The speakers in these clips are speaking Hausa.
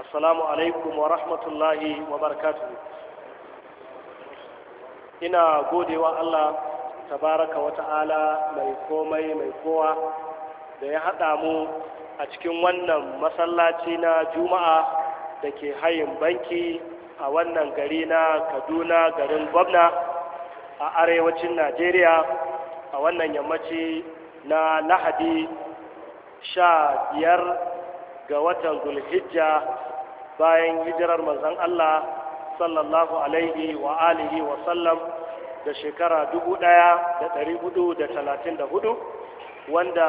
assalamu alaikum wa rahmatullahi wa barakatuhu ina godewa Allah tabaraka wa ta'ala mai komai mai kowa da ya haɗa mu a cikin wannan masallaci na juma'a da ke hayin banki a wannan gari na kaduna garin gwamna a arewacin najeriya a wannan yammaci na lahadi sha biyar ga watan gulhijja bayan hijirar manzon Allah sallallahu alaihi wa alihi wa sallam da shekara 1434 wanda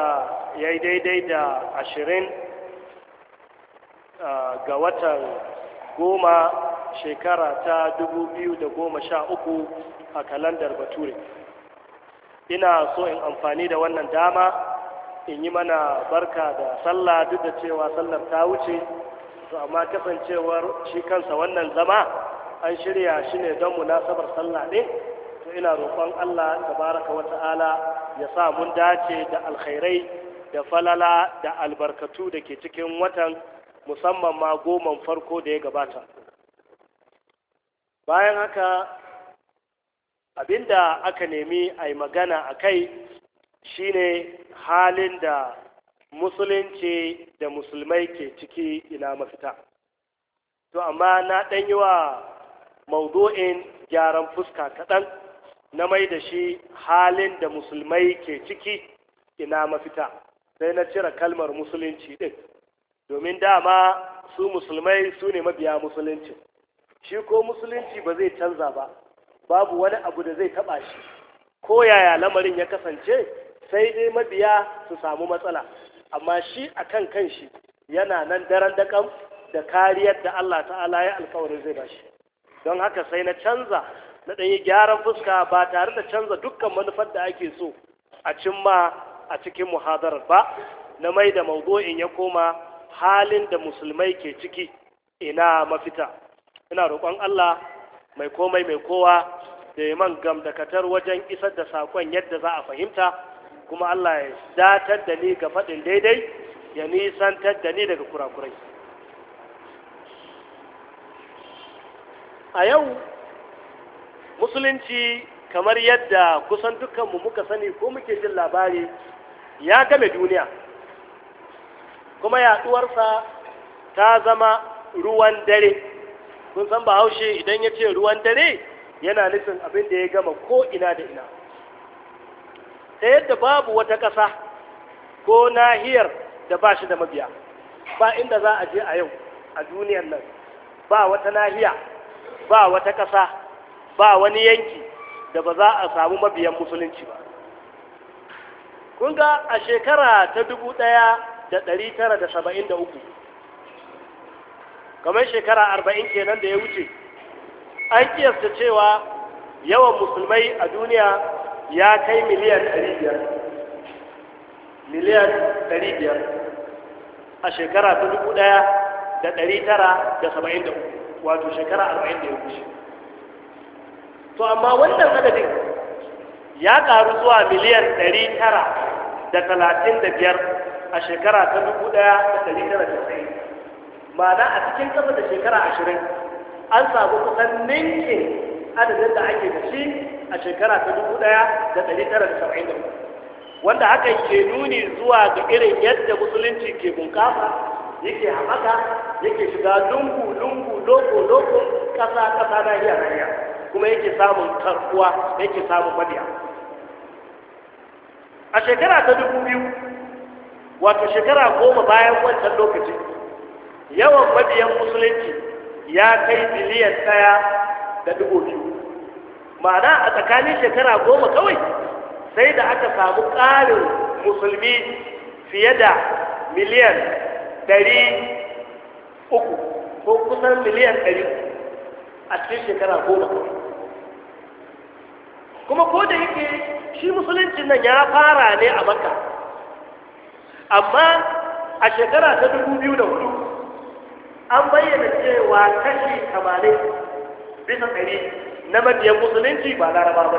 ya yi daidai da ashirin ah, ga watan goma shekara ta goma sha uku a kalandar bature ina so in amfani da wannan dama in yi mana barka da sallah duk da cewa sallar ta wuce to amma kasancewar shi kansa wannan zama an shirya shi ne don munasabar sallah ne to ina roƙon Allah tabaraka wa ta'ala ya sa mun dace da alkhairai da falala da albarkatu da ke cikin watan musamman ma goman farko da ya gabata bayan haka abinda aka nemi a yi magana a kai shine halin da musulunci da musulmai ke ciki ina mafita to amma na ɗan yi wa maudu'in gyaran fuska kaɗan na mai da shi halin da musulmai ke ciki ina mafita sai na cire kalmar musulunci ɗin domin dama su musulmai su ne mabiya musulunci shi ko musulunci ba zai canza ba babu wani abu da zai taɓa shi ko yaya lamarin ya kasance sai dai mabiya su samu matsala amma shi a kan kanshi yana nan daren daƙam da kariyar da Allah ta'ala ya alkawarin zai ba shi. don haka sai na canza na ɗanyi gyaran fuska ba tare da canza dukkan manufar da ake so a cimma a cikin muhadarar ba na mai da in ya koma halin da musulmai ke ciki ina mafita ina roƙon Allah mai komai mai kowa da ya man gamdakatar wajen isar da saƙon yadda za a fahimta kuma Allah ya datar da ni ga faɗin daidai ya nisantar da ni daga kurakurai a yau musulunci kamar yadda kusan mu muka sani ko muke jin labari ya game duniya kuma yaduwarsa ta zama ruwan dare kun san bahaushe idan yace ruwan dare yana nufin abin da ya gama ko ina da ina ta yadda babu wata ƙasa ko nahiyar da ba shi da mabiya ba inda za a je a yau a duniyar nan ba wata nahiya ba wata ƙasa ba wani yanki da ba za a samu mabiyan musulunci ba kun ga a shekara ta dubu ɗaya da ɗari tara da saba'in da uku kamar shekara arba'in kenan da ya wuce an kiyasta cewa yawan musulmai a duniya ya kai miliyan 500 miliyan 500 a shekara ta 1973 wato shekara 40 da ya to amma wannan adadin ya karu zuwa miliyan 935 a shekara ta 1990 ma'ana a cikin kafa da shekara 20 an samu kusan ninkin adadin da ake da shi a shekara ta dubu ɗaya da ɗari tara da saba'in da wanda haka ke nuni zuwa ga irin yadda musulunci ke bunƙasa yake haɓaka yake shiga lungu lungu loko loko ƙasa ƙasa na iya nahiya kuma yake samun karɓuwa yake samun mabiya a shekara ta dubu biyu wato shekara goma bayan wancan lokaci yawan mabiyan musulunci ya kai biliyan ɗaya da dubu biyu ma'ana a tsakanin shekara goma kawai sai da aka samu ƙarin musulmi fiye da miliyan ɗari uku ko kusan miliyan ɗari a cikin shekara goma kuma ko da yake shi musulunci nan ya fara ne a maka amma a shekara ta dubu biyu da hudu an bayyana cewa kashi 80 bisa ɗari na mabiyan musulunci ba laraba ba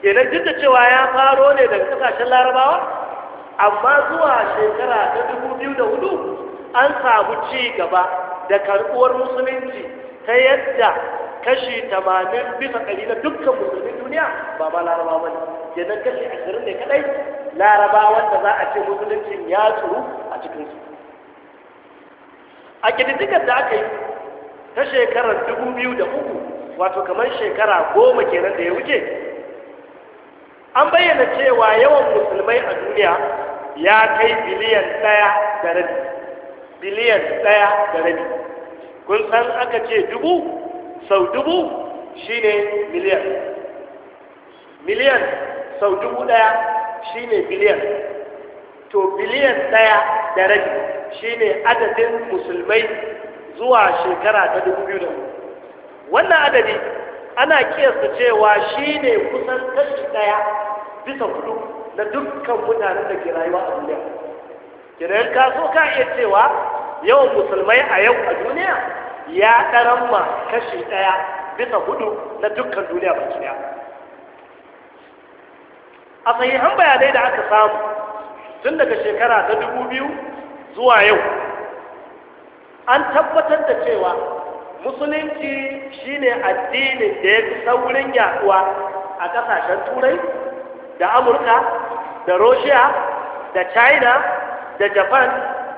kenan duk da cewa ya faro ne daga kasashen larabawa amma zuwa shekara ta dubu biyu da hudu an samu ci gaba da karɓuwar musulunci ta yadda kashi tamanin bisa ɗari na dukkan musulmin duniya ba ma laraba ba ne kenan kashi ashirin ne kaɗai laraba wanda za a ce musuluncin ya tsoro a cikin su. a ƙididdigar da aka yi ta shekarar dubu biyu da uku wato kamar shekara goma kenan da ya wuce an bayyana cewa yawan musulmai a duniya ya kai biliyan ɗaya da rabi biliyan ɗaya da rabi kun san aka ce dubu sau dubu shine miliyan miliyan sau dubu ɗaya shine biliyan to biliyan ɗaya da rabi shine adadin musulmai zuwa shekara ta dubu biyu da wannan adadi ana kiyasta cewa shi ne kusan kashi ɗaya bisa hudu na dukkan mutanen da ke rayuwa a duniya kiran ka so ka iya cewa yawan musulmai a yau a duniya ya ɗaran ma kashi ɗaya bisa hudu na dukkan duniya ba ɗaya a sahihan bayanai da aka samu tun daga shekara ta dubu biyu zuwa yau an tabbatar da cewa musulunci shine addinin da ya fi saurin yaduwa a kasashen turai da amurka da russia da china da japan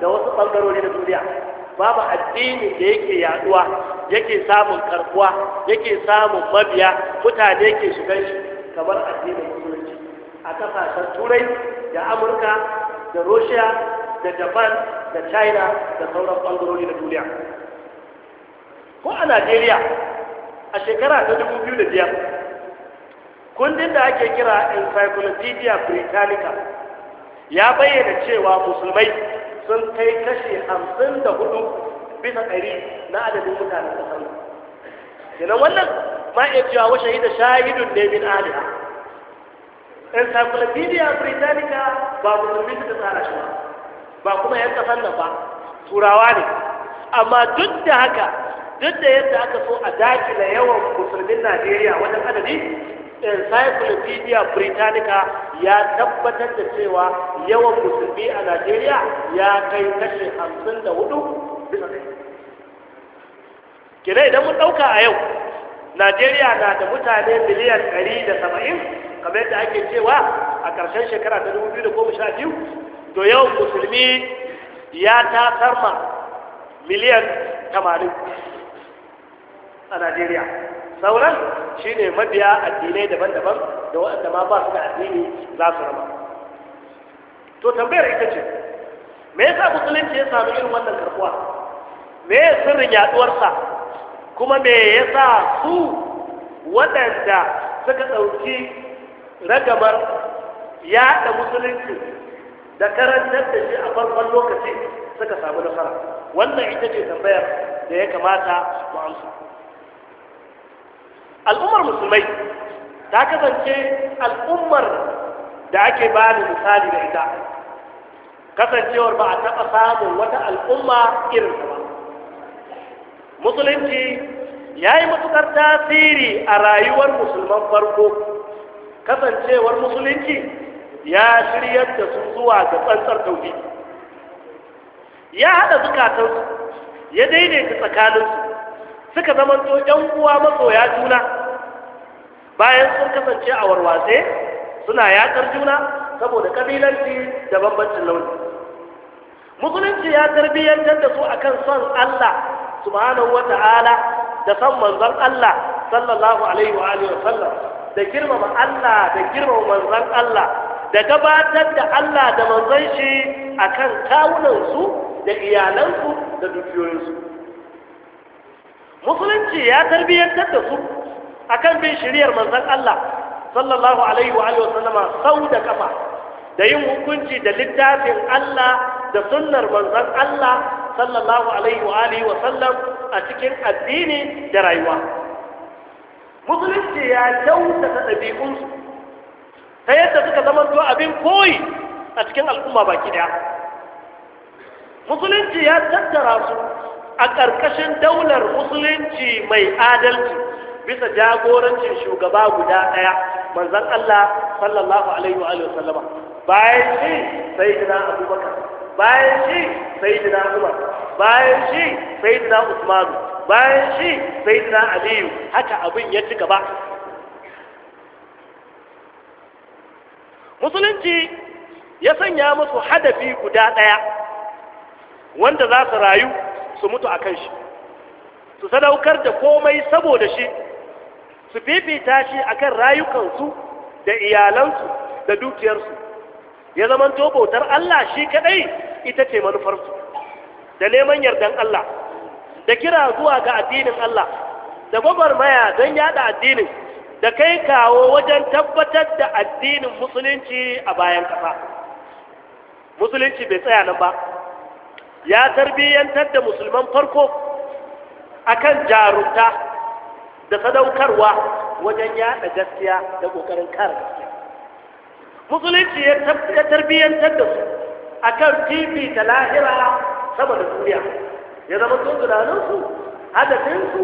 da wasu ɓangarori na duniya babu addinin da yake yaduwa yake samun karbuwa yake samun mabiya mutane ke shigar shi kamar addinin musulunci a kasashen turai da amurka da russia da japan da china da sauran ɓangarori na duniya ko a najeriya a shekara ta 2005 kundin da ake kira encyclopedia britannica ya bayyana cewa musulmai sun kai kashe 54 bisa ɗari na adadin mutanen ƙasar kenan wannan ma iya cewa wa shahida shahidun ne min aliha encyclopedia britannica ba musulmi suka tsara shi ba ba kuma yan kasar nan ba turawa ne amma duk da haka duk da yadda aka so a dakila yawan musulmin najeriya wajen adadi eh, encyclopedia britannica ya tabbatar da cewa yawan musulmi a najeriya ya kai kashe hamsin da hudu kira idan mun ɗauka a yau najeriya na da mutane miliyan 170 da kamar yadda ake cewa a ƙarshen shekara ta dubu biyu da goma sha biyu to yawan musulmi ya ta ma miliyan tamanin a Najeriya sauran shi ne mabiya addinai daban-daban da waɗanda ma ba su da addini za su raba to tambayar ita ce me yasa musulunci ya samu irin wannan karbuwa me ya sirrin yaɗuwarsa? kuma me yasa su waɗanda suka ɗauki ragamar yaɗa musulunci da karantar da shi a farkon lokaci suka samu nasara wannan ita ce tambayar da ya kamata mu amsa al'ummar musulmai ta kasance al'ummar da ake ba da misali da ita kasancewar ba a taɓa samun wata al'umma irin ba musulunci ya yi matuƙar tasiri a rayuwar musulman farko kasancewar musulunci ya shiryar da su zuwa ga tsantsar tauhidi ya haɗa zukatansu ya daidaita tsakaninsu suka zamanto ‘yan uwa masoya juna bayan sun kasance a warwatse suna yaƙar juna saboda kabilanci da bambancin launi musulunci ya tarbiyyantar da su akan son Allah subhanahu wata'ala da son manzon Allah sallallahu alaihi wa wa sallam da girmama Allah da girmama manzon Allah da gabatar da Allah da manzon shi akan kawunan su da iyalansu da dukiyoyinsu musulunci ya tarbiyyantar da su akan bin shiriyar manzan Allah sallallahu alaihi wa alihi wasallama sau da kafa da yin hukunci da littafin Allah da sunnar manzan Allah sallallahu alaihi wa alihi a cikin addini da rayuwa musulunci ya kyautata ɗabi'unsu ta yadda suka zama zuwa abin koyi a cikin al'umma baki daya musulunci ya tattara su a ƙarƙashin daular musulunci mai adalci bisa jagorancin shugaba guda ɗaya manzan Allah sallallahu alaihi wa sallama bayan shi sayyidina Abubakar bayan shi sayyidina Umar bayan shi sayyidina Usman bayan shi sayyidina Aliyu haka abin ya ci gaba musulunci ya sanya musu hadafi guda ɗaya wanda za su rayu su mutu a kan shi su sadaukar da komai saboda shi su fifita shi akan rayukansu da iyalansu da dukiyarsu ya zama bautar Allah shi kadai ita ce manufarsu da neman yardan Allah da kira zuwa ga addinin Allah da gwagwarmaya don yada addinin da kai kawo wajen tabbatar da addinin musulunci a bayan kafa. musulunci bai tsaya nan ba ya tarbiyyantar da musulman farko akan jarunta da sadaukarwa wajen yada gaskiya da kokarin kare gaskiya musulunci ya tarbiyyantar da su akan tv da lahira sama da duniya ya zama sun tunaninsu hadafinsu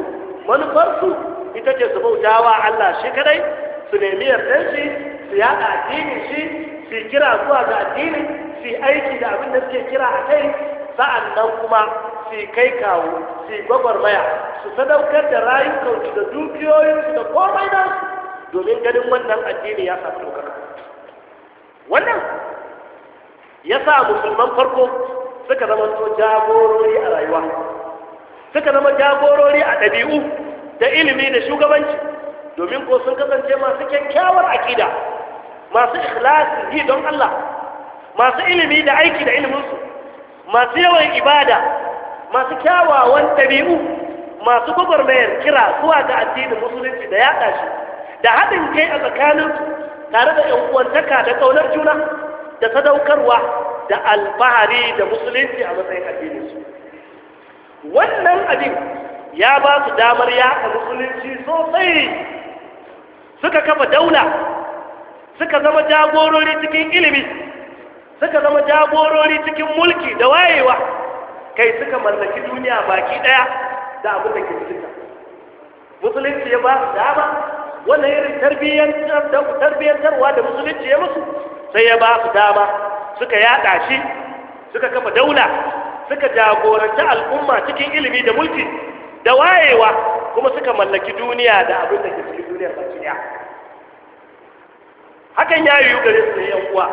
manufarsu ita ce su bauta wa Allah shi kadai su nemi yardan shi su yada addinin shi su kira zuwa ga addinin su aiki da abin da suke kira a kai sa'an nan kuma su kai kawo su maya su sadaukar da rayukansu da dukiyoyinsu da komai nan domin ganin wannan addini ya samu ɗaukaka wannan ya sa musulman farko suka zama so jagorori a rayuwa suka zama jagorori a ɗabi'u da ilimi da shugabanci domin ko sun kasance masu kyakkyawar aƙida masu ikhlasi yi don Allah masu ilimi da aiki da iliminsu masu yawan ibada masu kyawawan ɗabi'u masu gwagwarmayar kira zuwa ga addinin musulunci da yaɗa shi da haɗin kai a tsakanin tare da yan uwantaka da ƙaunar juna da sadaukarwa da alfahari da musulunci a matsayin addinin su wannan abin ya ba su damar yaɗa musulunci sosai suka kafa daula suka zama jagorori cikin ilimi suka zama jagorori cikin mulki da wayewa kai suka mallaki duniya baki daya da abin da ke cikinta musulunci ya ba su dama wanda irin tarbiyyantarwa da musulunci ya musu sai ya ba su dama suka yada shi suka kafa daula suka jagoranci al'umma cikin ilimi da mulki da wayewa kuma suka mallaki duniya da abin da ke cikin duniyar baki daya hakan ya yiwu gare su da yan uwa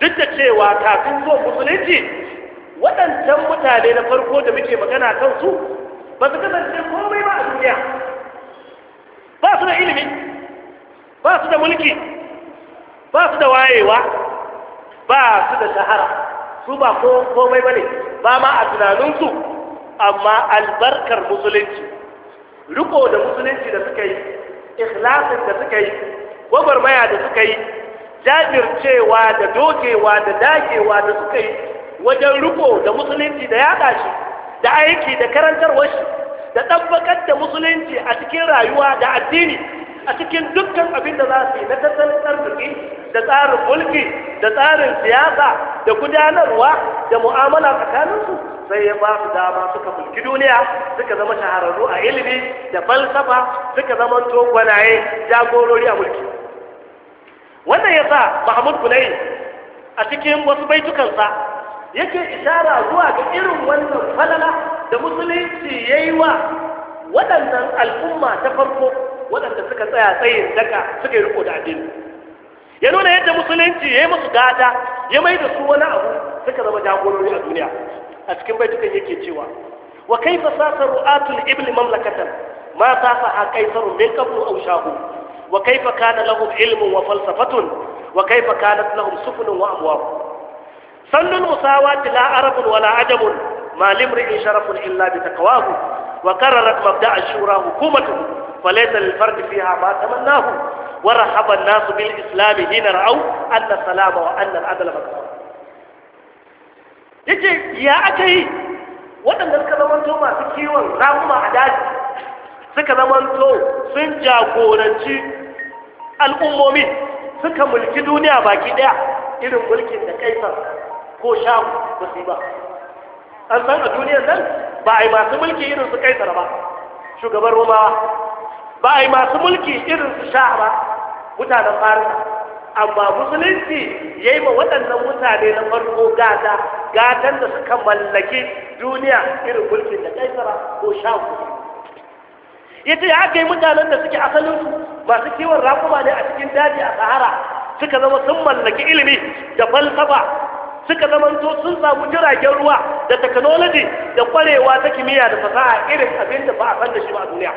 duk da cewa kafin zo musulunci waɗancan mutane na farko da muke magana kan su ba su kasance komai ba a duniya ba su da ilimi ba su da mulki ba su da wayewa ba su da shahara su ba komai ba ne ba ma a tunaninsu amma albarkar musulunci riko da musulunci da suka yi ikhlasin da suka yi gwagwarmaya da suka yi jajircewa da dogewa da dagewa da suka yi wajen riko da musulunci da ya shi da aiki da karantarwar shi da ɗabbakar da musulunci a cikin rayuwa da addini a cikin dukkan abin da za su yi na tattalin arziki da tsarin mulki da tsarin siyasa da gudanarwa da mu'amala tsakaninsu sai ya ba su dama suka mulki duniya suka zama shahararru a ilimi da falsafa suka zama gwanaye jagorori a mulki wannan ya sa mahmud kunayin a cikin wasu baitukansa yake ishara zuwa ga irin wannan falala da musulunci ya yi wa waɗannan al'umma ta farko waɗanda suka tsaya tsayin daga suka yi riko da addini ya nuna yadda musulunci ya yi musu gada ya mai da su wani abu suka zama jagorori a duniya a cikin baitukan yake cewa wa kaifa sasa ru'atul ibn mamlakatan ma sasa ha kaisarun min qablu aw shahu wa kaifa kana lahum ilmun wa falsafatun wa kaifa kanat lahum sufunun wa amwar sallul musawati la arabun wala ajabun ma limri'in sharafun illa bi taqwahu wa qarrarat mabda' ash-shura hukumatuhu falaysa lil fardi fiha ma tamannahu wa rahaba bil salama wa yace ya yi waɗanda suka zamanto masu kiwon ramuwa a daji suka zamanto sun jagoranci al'ummomi suka mulki duniya baki daya irin mulkin da kaisar ko sham ba su ba an san a duniyar nan ba a yi masu mulki irin su kaisar ba shugaban romawa ba a yi masu mulki irin su sha ba mutanen farin amma musulunci ya yi ma waɗannan mutane na farko gata gatan da suka mallaki duniya irin mulkin da kaisara ko sha ya ce ya ake mutanen da suke asalinsu masu kiwon rakuma ne a cikin daji a sahara suka zama sun mallaki ilimi da falsafa suka zamanto sun samu jiragen ruwa da technology da kwarewa ta kimiyya da fasaha irin abin da ba a san da shi ba a duniya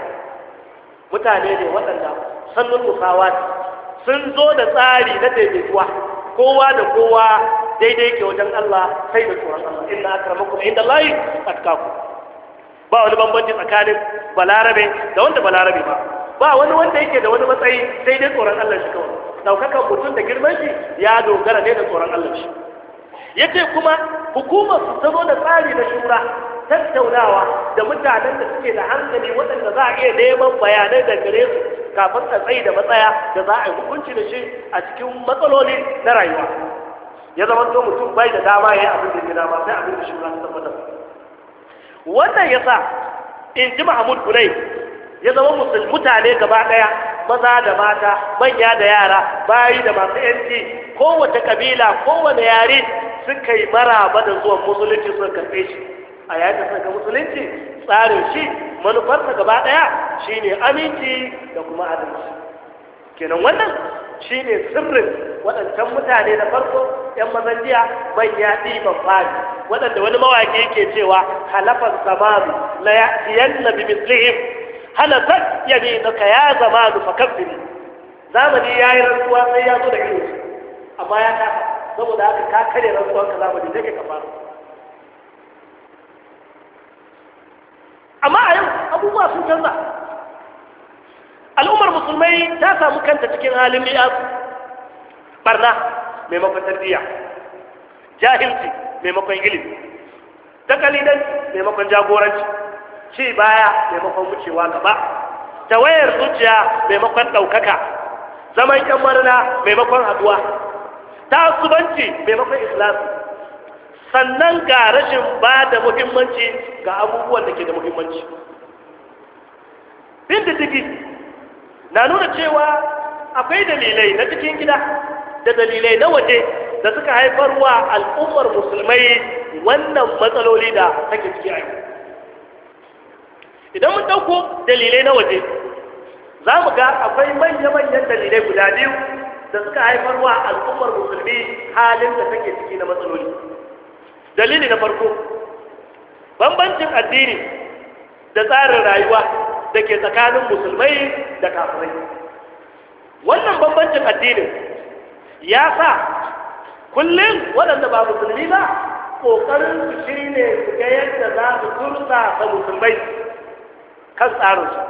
mutane ne waɗanda sannun musawa sun zo da tsari na daidaituwa kowa da kowa daidai ke wajen Allah sai da tsoron Allah inna akramakum inda Allah atkaku ba wani bambanci tsakanin balarabe da wanda balarabe ba ba wani wanda yake da wani matsayi sai dai tsoron Allah shi kawai daukakan mutum da girman shi ya dogara ne da tsoron Allah shi yace kuma hukumar su ta zo da tsari na shura tattaunawa da mutanen da suke da hankali waɗanda za a iya neman bayanai da gare su kafin a tsayi da matsaya da za a yi hukunci da shi a cikin matsaloli na rayuwa ya zama to mutum bai da dama ya yi abin da ke dama sai abin da ta tabbatar wannan ya sa in ji mahmud kunai ya zama mutane gaba daya maza da mata manya da yara bayi da masu yanci kowace kabila kowane yare suka yi maraba da zuwan musulunci sun karɓe shi a yayin da suka musulunci tsarin shi manufarsa gaba daya shine aminci da kuma adalci kenan wannan shine sirrin waɗancan mutane na farko yan mazan manya ɗiban fari waɗanda wani mawaƙi ke cewa halafan na la ya'tiyanna bi mislihim hana yaminuka ya zama zamanu fakabbir zamani ya yi rantsuwa sai ya zo da irin su amma ya ka saboda haka ka kare rantsuwan ka zamani zai ka kafa amma a yau abubuwa sun canza al'ummar musulmai ta samu kanta cikin halin liya barna maimakon tarbiyya jahilci maimakon ilimi takalidan maimakon jagoranci ci baya maimakon wucewa gaba ta wayar zuciya maimakon ɗaukaka zaman yan marina maimakon haduwa tasubanci maimakon islasi sannan ga rashin ba da muhimmanci ga abubuwan da ke da muhimmanci bin diddigi na nuna cewa akwai dalilai na cikin gida da dalilai na waje da suka haifarwa al'ummar musulmai wannan matsaloli da take ciki a yau idan mun ɗauko dalilai na waje za mu ga akwai manya-manyan dalilai guda biyu da suka haifar wa al'ummar musulmi halin da take ciki na matsaloli dalili na farko bambancin addini da tsarin rayuwa da ke tsakanin musulmai da kafirai wannan bambancin addinin ya sa kullum waɗanda ba musulmi ba ƙoƙarin su shi ne su ga yadda za su tursa musulmai kan tsarin su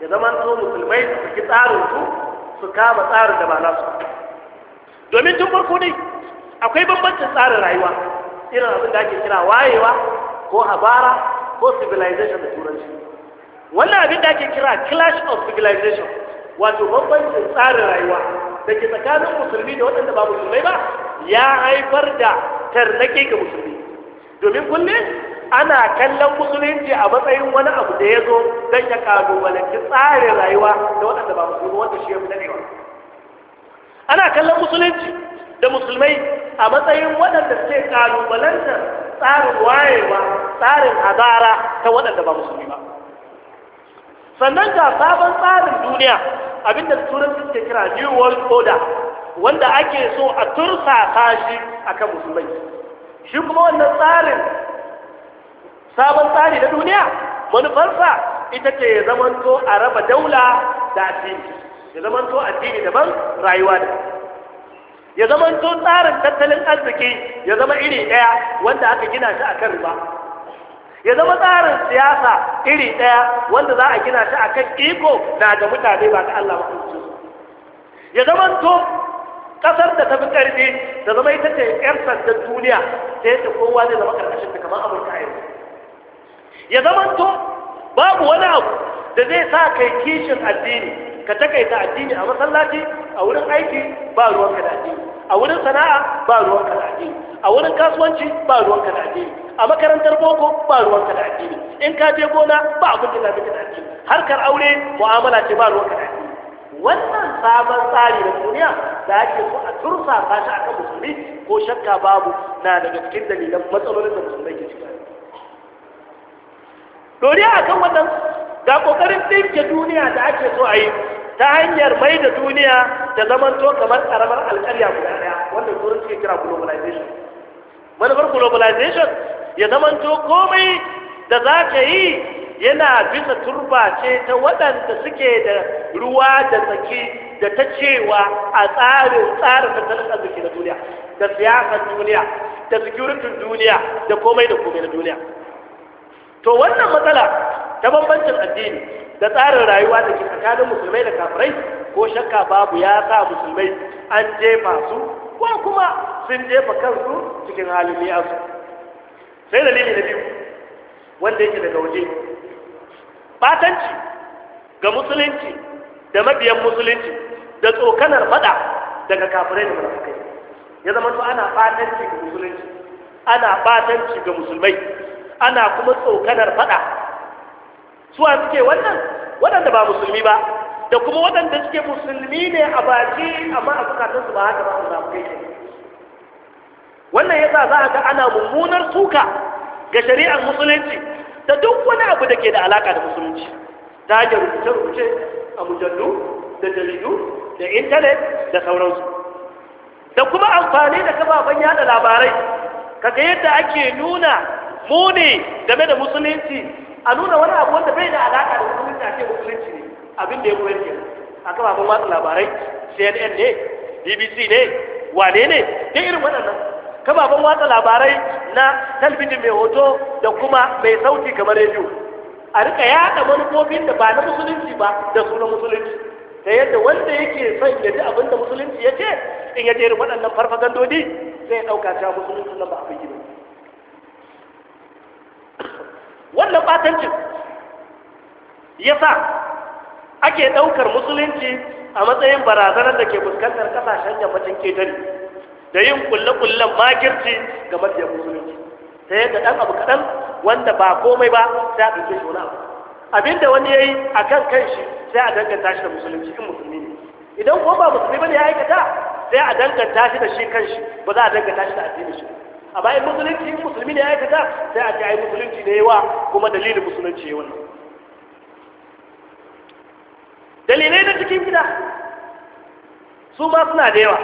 ya zama su musulmai su ki tsarin su su kama tsarin da ba su domin tun farko dai akwai bambancin tsarin rayuwa irin abin da ake kira wayewa ko habara ko civilization da turanci wannan abin da ake kira clash of civilization wato bambancin tsarin rayuwa da ke tsakanin musulmi da waɗanda ba musulmai ba ya haifar da tarnake ga musulmi domin kullum ana kallon musulunci a matsayin wani abu da ya zo don ya ki tsarin rayuwa da waɗanda ba musulmi wanda shi ya fi daɗewa ana kallon musulunci da musulmai a matsayin waɗanda suke kalubalantar tsarin wayewa tsarin hazara ta waɗanda ba musulmi ba sannan ga sabon tsarin duniya abinda turanci suke kira new world order wanda ake so a tursasa shi akan musulmai shi kuma wannan tsarin sabon tsari na duniya manufarsa ita ce ya zamanto a raba daula da addini ya zamanto addini daban rayuwa da ya zamanto tsarin tattalin arziki ya zama iri ɗaya wanda aka gina shi a kan riba ya zama tsarin siyasa iri ɗaya wanda za a gina shi a kan iko na da mutane ba ta Allah mafi ya zamanto ƙasar da ta fi ƙarfi da zama ita ce 'yan sandan duniya ta yadda kowa zai zama ƙarƙashin ta kamar amurka yanzu ya zamanto babu wani abu da zai sa kai kishin addini ka takaita addini a masallaci a wurin aiki ba ruwanka da addini a wurin sana'a ba ruwanka da addini a wurin kasuwanci ba ruwanka da addini a makarantar boko ba ruwanka da addini in ka je gona ba abin da zafi da addini harkar aure mu'amala ce ba ruwanka da addini wannan sabon tsari na duniya da ake so a tursa ta shi akan musulmi ko shakka babu na daga cikin dalilan matsalolin da musulmai ke cikin doriya akan wannan ga kokarin ɗinke duniya da ake so a yi ta hanyar mai da duniya da zaman to kamar karamar alƙarya guda ɗaya wanda turin suke kira globalization manufar globalization ya zaman to komai da za ka yi yana bisa turba ce ta waɗanda suke da ruwa da tsaki da ta cewa a tsarin tsarin tattalin arziki na duniya da siyasar duniya da security duniya da komai da komai na duniya to wannan matsala ta bambancin addini da tsarin rayuwa da ke tsakanin musulmai da kafirai ko shakka babu ya sa musulmai an jefa su ko kuma sun jefa kansu cikin halin su sai dalili na biyu wanda yake daga waje batanci ga musulunci da mabiyan musulunci da tsokanar fada daga kafirai da munafikai ya zama to ana batanci ga musulunci ana batanci ga musulmai ana kuma tsokanar fada suwa suke wannan waɗanda ba musulmi ba da kuma waɗanda suke musulmi ne a baki amma a su ba haka ba su samu kai wannan yasa za a ga ana mummunar suka ga shari'ar musulunci da duk wani abu da ke da alaka da musulunci ta hanyar rubuce-rubuce a mujallu da jaridu da intanet da sauransu da kuma amfani da kafafen yada labarai kaga yadda ake nuna mu ne game da musulunci a nuna wani abu wanda bai da alaka da musulunci a ce musulunci ne abin da ya koyar ke a abin watsa labarai cnn ne bbc ne wane ne duk irin waɗannan abin watsa labarai na talbijin mai hoto da kuma mai sauti kamar rediyo a rika yaɗa manufofin da ba na musulunci ba da sunan musulunci ta yadda wanda yake son ya ji abin da musulunci ya ce in ya je irin waɗannan farfagandodi zai ɗauka cewa musulunci nan ba abin gina. wannan batancin ya sa ake ɗaukar musulunci a matsayin barazanar da ke fuskantar ƙasashen yammacin ketare da yin kulle-kullen makirci ga mafiyar musulunci ta yadda ɗan abu kaɗan wanda ba komai ba sai a ɗauke shi wani abu abinda wani ya yi a kan kan shi sai a danganta shi da musulunci in musulmi ne idan kuma ba musulmi ba ne ya aikata sai a danganta shi da shi kan shi ba za a danganta shi da addinin shi ba. a bayan musulunci in musulmi ne ya aikata sai a ce ai musulunci ne yawa kuma dalilin musulunci ya wannan dalilai na cikin gida su ma suna da yawa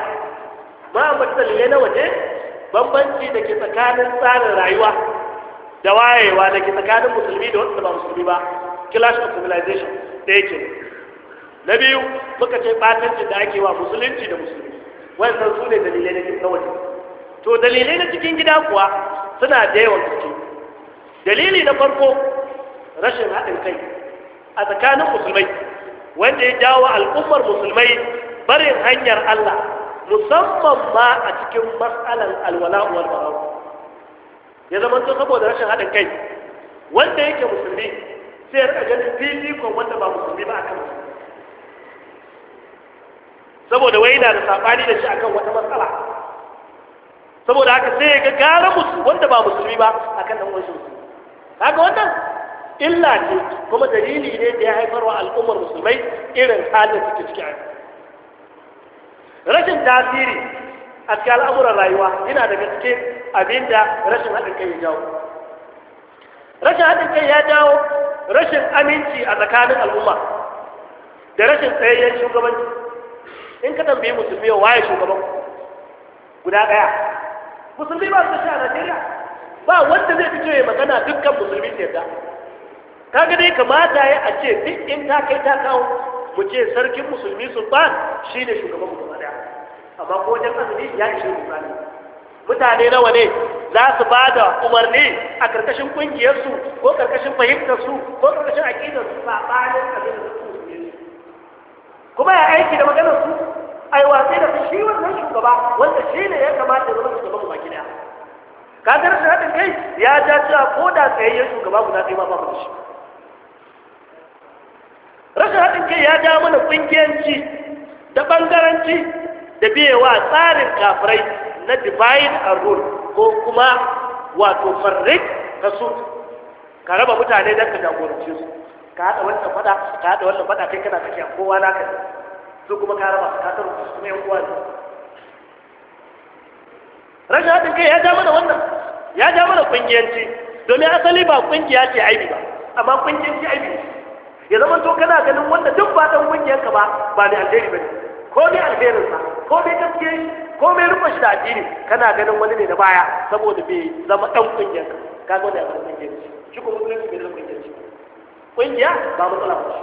ma a mace dalilai na waje bambanci da ke tsakanin tsarin rayuwa da wayewa da ke tsakanin musulmi da wasu ba musulmi ba clash of civilization da yake na biyu muka ce batanci da ake wa musulunci da musulmi wannan su ne dalilai na waje to dalilai na cikin gida kuwa suna da yawan gaske dalili na farko rashin haɗin kai a tsakanin musulmai wanda ya jawo al'ummar musulmai barin hanyar Allah musamman ma a cikin matsalar alwala uwar ya zama to saboda rashin haɗin kai wanda yake musulmi sai ya rika ganin fifikon wanda ba musulmi ba akan saboda wai yana da sabani da shi akan wata matsala saboda haka sai ya ga gara wanda ba musulmi ba akan dan wasu kaga wannan illa ce kuma dalili ne da ya haifar wa al'ummar musulmai irin halin suke ciki a rashin tasiri a cikin al'amuran rayuwa yana daga cikin abinda rashin haɗin kai ya jawo rashin haɗin kai ya jawo rashin aminci a tsakanin al'umma da rashin tsayayyen shugabanci in ka tambayi musulmi waye shugaban guda ɗaya musulmi ba su da shi a najeriya ba wanda zai fi ya magana dukkan musulmi ne da kaga dai kamata ya a ce duk in ta kai ta kawo mu ce sarkin musulmi ba shi ne shugaban mu daya amma ko wajen azumi ya shi musulmi mutane nawa ne za su ba da umarni a karkashin kungiyarsu ko karkashin fahimtarsu ko karkashin aƙidarsu saɓanin abin da su kuma ya aiki da maganar su ai wace da shi wannan shugaba wanda shi ne ya kamata ya zama shugaban mu baki daya ka ga rashin haɗin kai ya ja cewa ko da tsayayyen shugaba guda ɗaya ma ba mu da shi rashin haɗin kai ya ja mana ƙungiyanci da ɓangaranci da biyewa tsarin kafirai na divine and rule ko kuma wato farrik ka su ka raba mutane don ka jagorance su ka haɗa wannan faɗa ka haɗa wannan faɗa kai kana kashe kowa na ne su kuma ka raba su tarwa su kuma yan uwa ne rashin haɗin kai ya ja mana wannan ya ja mana kungiyanci domin asali ba kungiya ce aibi ba amma kungiyanci aibi ne ya zama to kana ganin wanda duk ba dan ƙungiyanka ba ba ne alheri ba ne. ko ne alherinsa ko ne gaskiyar shi ko ne rufe shi da addini kana ganin wani ne da baya saboda bai zama dan ƙungiyanka. ka ga da kungiyar shi shi kuma musulunci bai zama ƙungiyanci. Ƙungiya kungiya ba matsala ba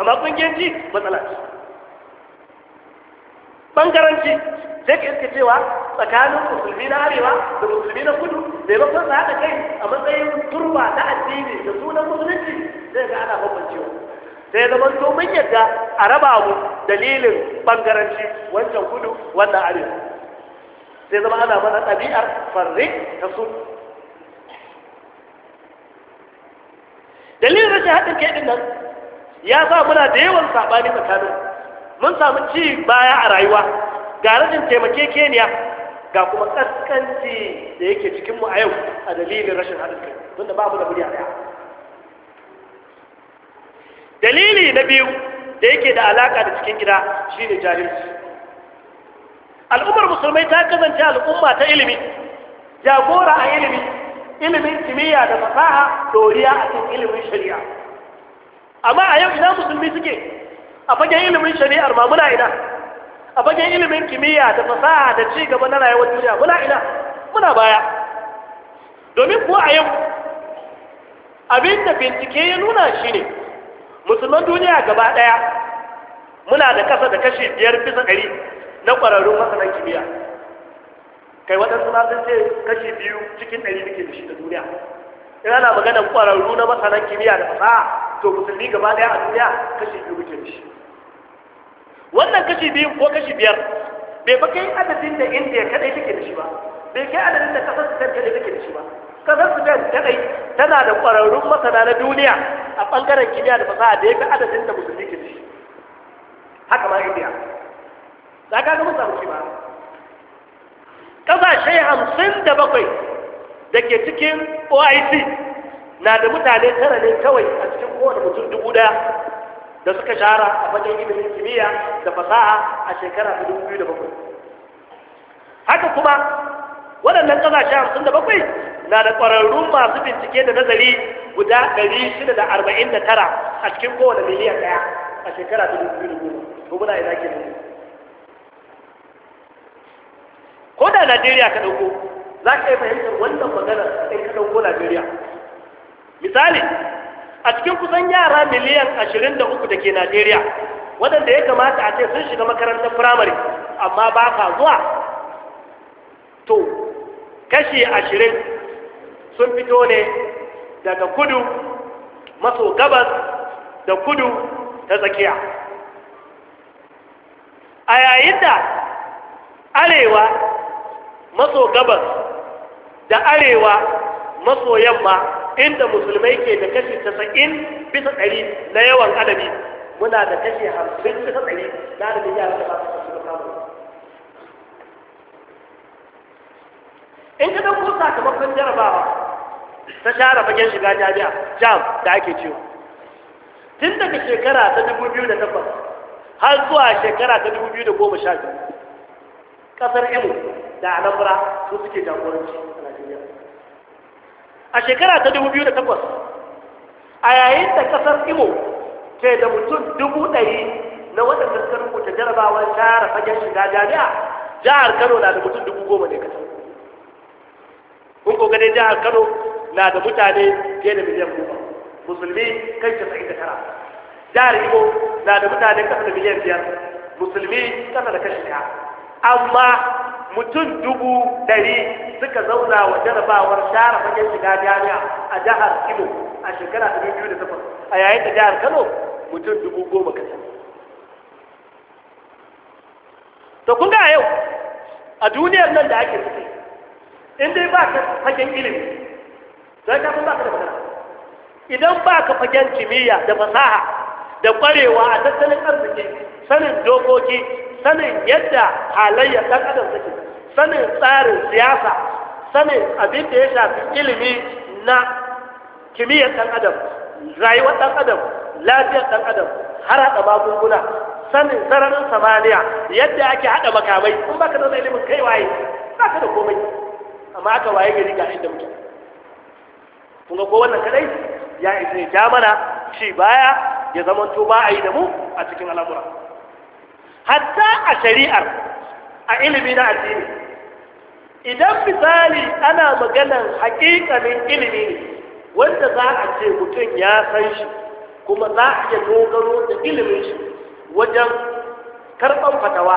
amma ƙungiyanci matsala ce bangaranci sai ka iske cewa tsakanin musulmi na arewa da musulmi na kudu maimakon su haka kai a matsayin turba ta addini da sunan musulunci sai ga ana bambancewa sai zama so mun yadda a raba mu dalilin bangaranci wancan kudu wannan arewa sai zama ana mana ɗabi'ar farre ta su dalilin rashin haɗin kai ɗin nan ya sa muna da yawan saɓani tsakanin mun samu ci baya a rayuwa ga taimake keniya ga kuma kaskanci da yake cikinmu a yau a dalilin rashin haɗin kai tunda babu da murya ɗaya dalili na biyu da yake da alaƙa da cikin gida shine jahilci al'ummar musulmai ta kasance al'umma ta ilimi jagora a ilimi ilimin kimiyya da fasaha doriya a cikin ilimin shari'a amma a yau idan musulmi suke a fagen ilimin shari'ar ma muna ina a fagen ilimin kimiyya da fasaha da ci gaba na rayuwar duniya muna ina muna baya domin kuwa a yau abin da bincike ya nuna shi ne musulman duniya gaba ɗaya muna da kasa da kashi biyar bisa ɗari na ƙwararrun masanan kimiyya kai waɗansu na sun ce kashi biyu cikin ɗari muke da shi da duniya in ana maganar ƙwararru na masanan kimiyya da fasaha to musulmi gaba ɗaya a duniya kashi biyu muke da shi wannan kashi biyu ko kashi biyar bai fa kai adadin da indiya kadai take da shi ba bai kai adadin da kasar sudan kadai take da shi ba kasar sudan kadai tana da ƙwararrun masana na duniya a ɓangaren kimiyya da fasaha da ya fi adadin da musulmi ke da shi haka ma indiya za ka ga mun samu shi ba ƙasashe hamsin da bakwai da ke cikin oic na da mutane tara ne kawai a cikin kowane mutum dubu daya da suka shara a fagen ilimin kimiyya da fasaha a shekara ta 2007 haka kuma waɗannan ƙasashe hamsin da bakwai na da ƙwararrun masu bincike da nazari guda ɗari shida da arba'in da tara a cikin kowane miliyan ɗaya a shekara ta dubu biyu da muna ina ke nan ko da najeriya ka ɗauko za ka yi fahimtar wannan magana in ka ɗauko najeriya misali a cikin kusan yara miliyan 23 da ke Najeriya waɗanda ya kamata a ce sun shiga makarantar firamare amma ba ka zuwa to kashi 20 sun fito ne daga kudu maso gabas da kudu ta tsakiya a yayin da arewa maso gabas da arewa maso yamma inda musulmai ke da kashi tasa'in bisa ɗari na yawan adadi muna da kashi hamsin bisa ɗari na adadin yara da ba su da samu in ka ɗauko sakamakon jarabawa ta share fagen shiga jami'a jam da ake ciwo tun daga shekara ta dubu biyu da takwas har zuwa shekara ta dubu biyu da goma sha biyu ƙasar imo da anambra su suke jagoranci a najeriya a shekara ta 2008 a yayin da kasar imo ke da mutum dubu ɗari na waɗanda suka rubuta jarabawar tara fagen shiga jami'a jihar kano na da mutum dubu goma ne kasar kun ko dai jihar kano na da mutane fiye da miliyan goma musulmi kan casa'in da tara jihar imo na da mutane kasa da miliyan biyar musulmi kasa da kashi ɗaya amma mutum dubu ɗari suka zauna wa jarabawar share fagen shiga jami'a a jihar Imo a shekara 2008 a yayin da jihar Kano mutum dubu goma kasa to kun ga yau a duniyar nan da ake ciki in dai ba ka fagen ilimi sai ka ba ka da magana idan ba ka fagen kimiyya da fasaha da kwarewa a tattalin arziki sanin dokoki sanin yadda halayyar ɗan adam suke sanin tsarin siyasa sanin abin da ya shafi ilimi na kimiyyar ɗan adam rayuwar ɗan adam lafiyar ɗan adam har haɗa magunguna sanin sararin samaniya yadda ake haɗa makamai in baka da ilimin kai waye baka da komai amma aka waye gari ga inda muke kuma ko wannan kadai ya isa ya ja mana shi baya ya zamanto ba a yi da mu a cikin al'amura hatta a shari'ar a ilimi na addini idan misali ana maganar hakikanin ilimi wanda za a ce mutum ya san shi kuma za a iya dogaro da ilimin shi wajen karɓar fatawa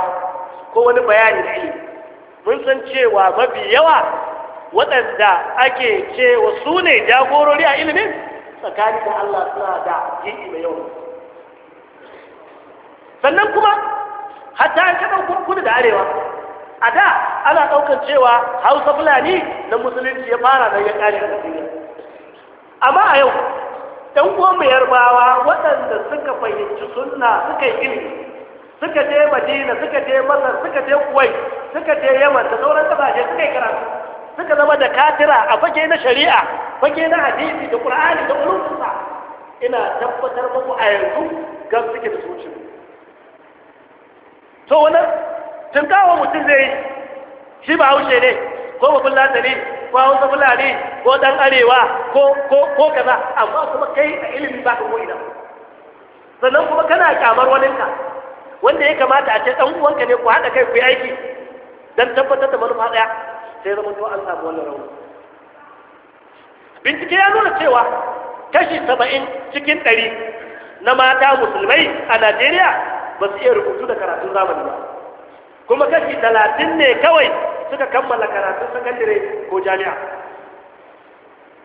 ko wani bayani da ilimi mun san cewa mafi yawa waɗanda ake cewa su ne jagorori a ilimin tsakanin da Allah suna da jiki mai yawa sannan kuma hatta an taɓa kudu da arewa a da ana ɗaukar cewa hausa fulani na musulunci ya fara da ya da a amma a yau ɗan uwanmu yarbawa waɗanda suka fahimci sunna suka yi ilimi suka je madina suka je masar suka je kuwait suka je yaman da sauran kasashe suka yi karatu suka zama da katira a fage na shari'a fage na hadisi da qur'ani da ulumusa ina tabbatar muku a yanzu gan suke da zuciya to wannan tun kawo mutum zai yi shi ba haushe ne ko babban latari ko hausa fulani ko dan arewa ko kaza amma kuma kai a ilimi ba ka ko'ina sannan kuma kana kyamar waninka wanda ya kamata a ce dan uwanka ne ku haɗa kai ku yi aiki don tabbatar da manufa ɗaya sai zama to an samu wannan rauni bincike ya nuna cewa kashi saba'in cikin ɗari na mata musulmai a najeriya ba su iya rubutu da karatun zamani ba kuma kashi talatin ne kawai suka kammala karatun sakandare ko jami'a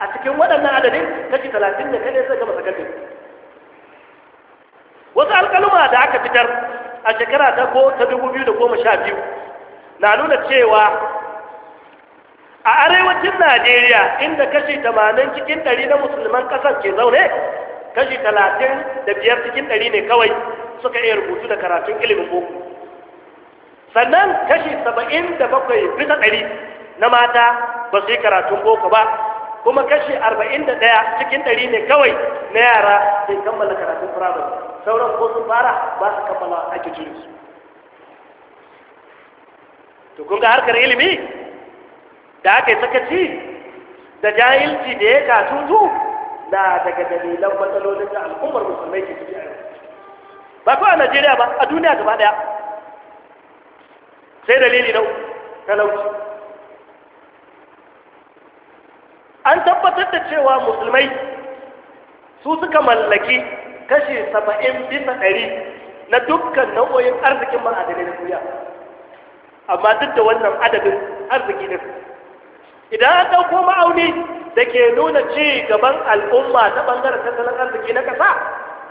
a cikin waɗannan adadin kashi talatin ne kadai suka gama sakandare wasu alƙaluma da aka fitar a shekara ta ko ta dubu biyu da goma sha biyu na nuna cewa a arewacin najeriya inda kashi tamanin cikin ɗari na musulman ƙasar ke zaune kashi talatin da biyar cikin ɗari ne kawai suka iya rubutu da karatun ilimin boko sannan kashi saba'in da bakwai bisa ɗari na mata ba su yi karatun boko ba kuma kashi arba'in da ɗaya cikin ɗari ne kawai na yara bai kammala karatun firamare sauran ko sun fara ba su kammala ake jiri su to kun ga harkar ilimi da aka yi sakaci da jahilci da ya katutu na daga dalilan matsalolin da al'ummar musulmai ke a yau ba kawai a najeriya ba a duniya gaba ɗaya sai dalili na talauci an tabbatar da cewa musulmai su suka mallaki kashi saba'in bisa ɗari na dukkan nau'o'in arzikin ma'adanai na duniya amma duk da wannan adadin arziki ne idan an ɗauko ma'auni da ke nuna ci gaban al'umma ta ɓangaren tattalin arziki na ƙasa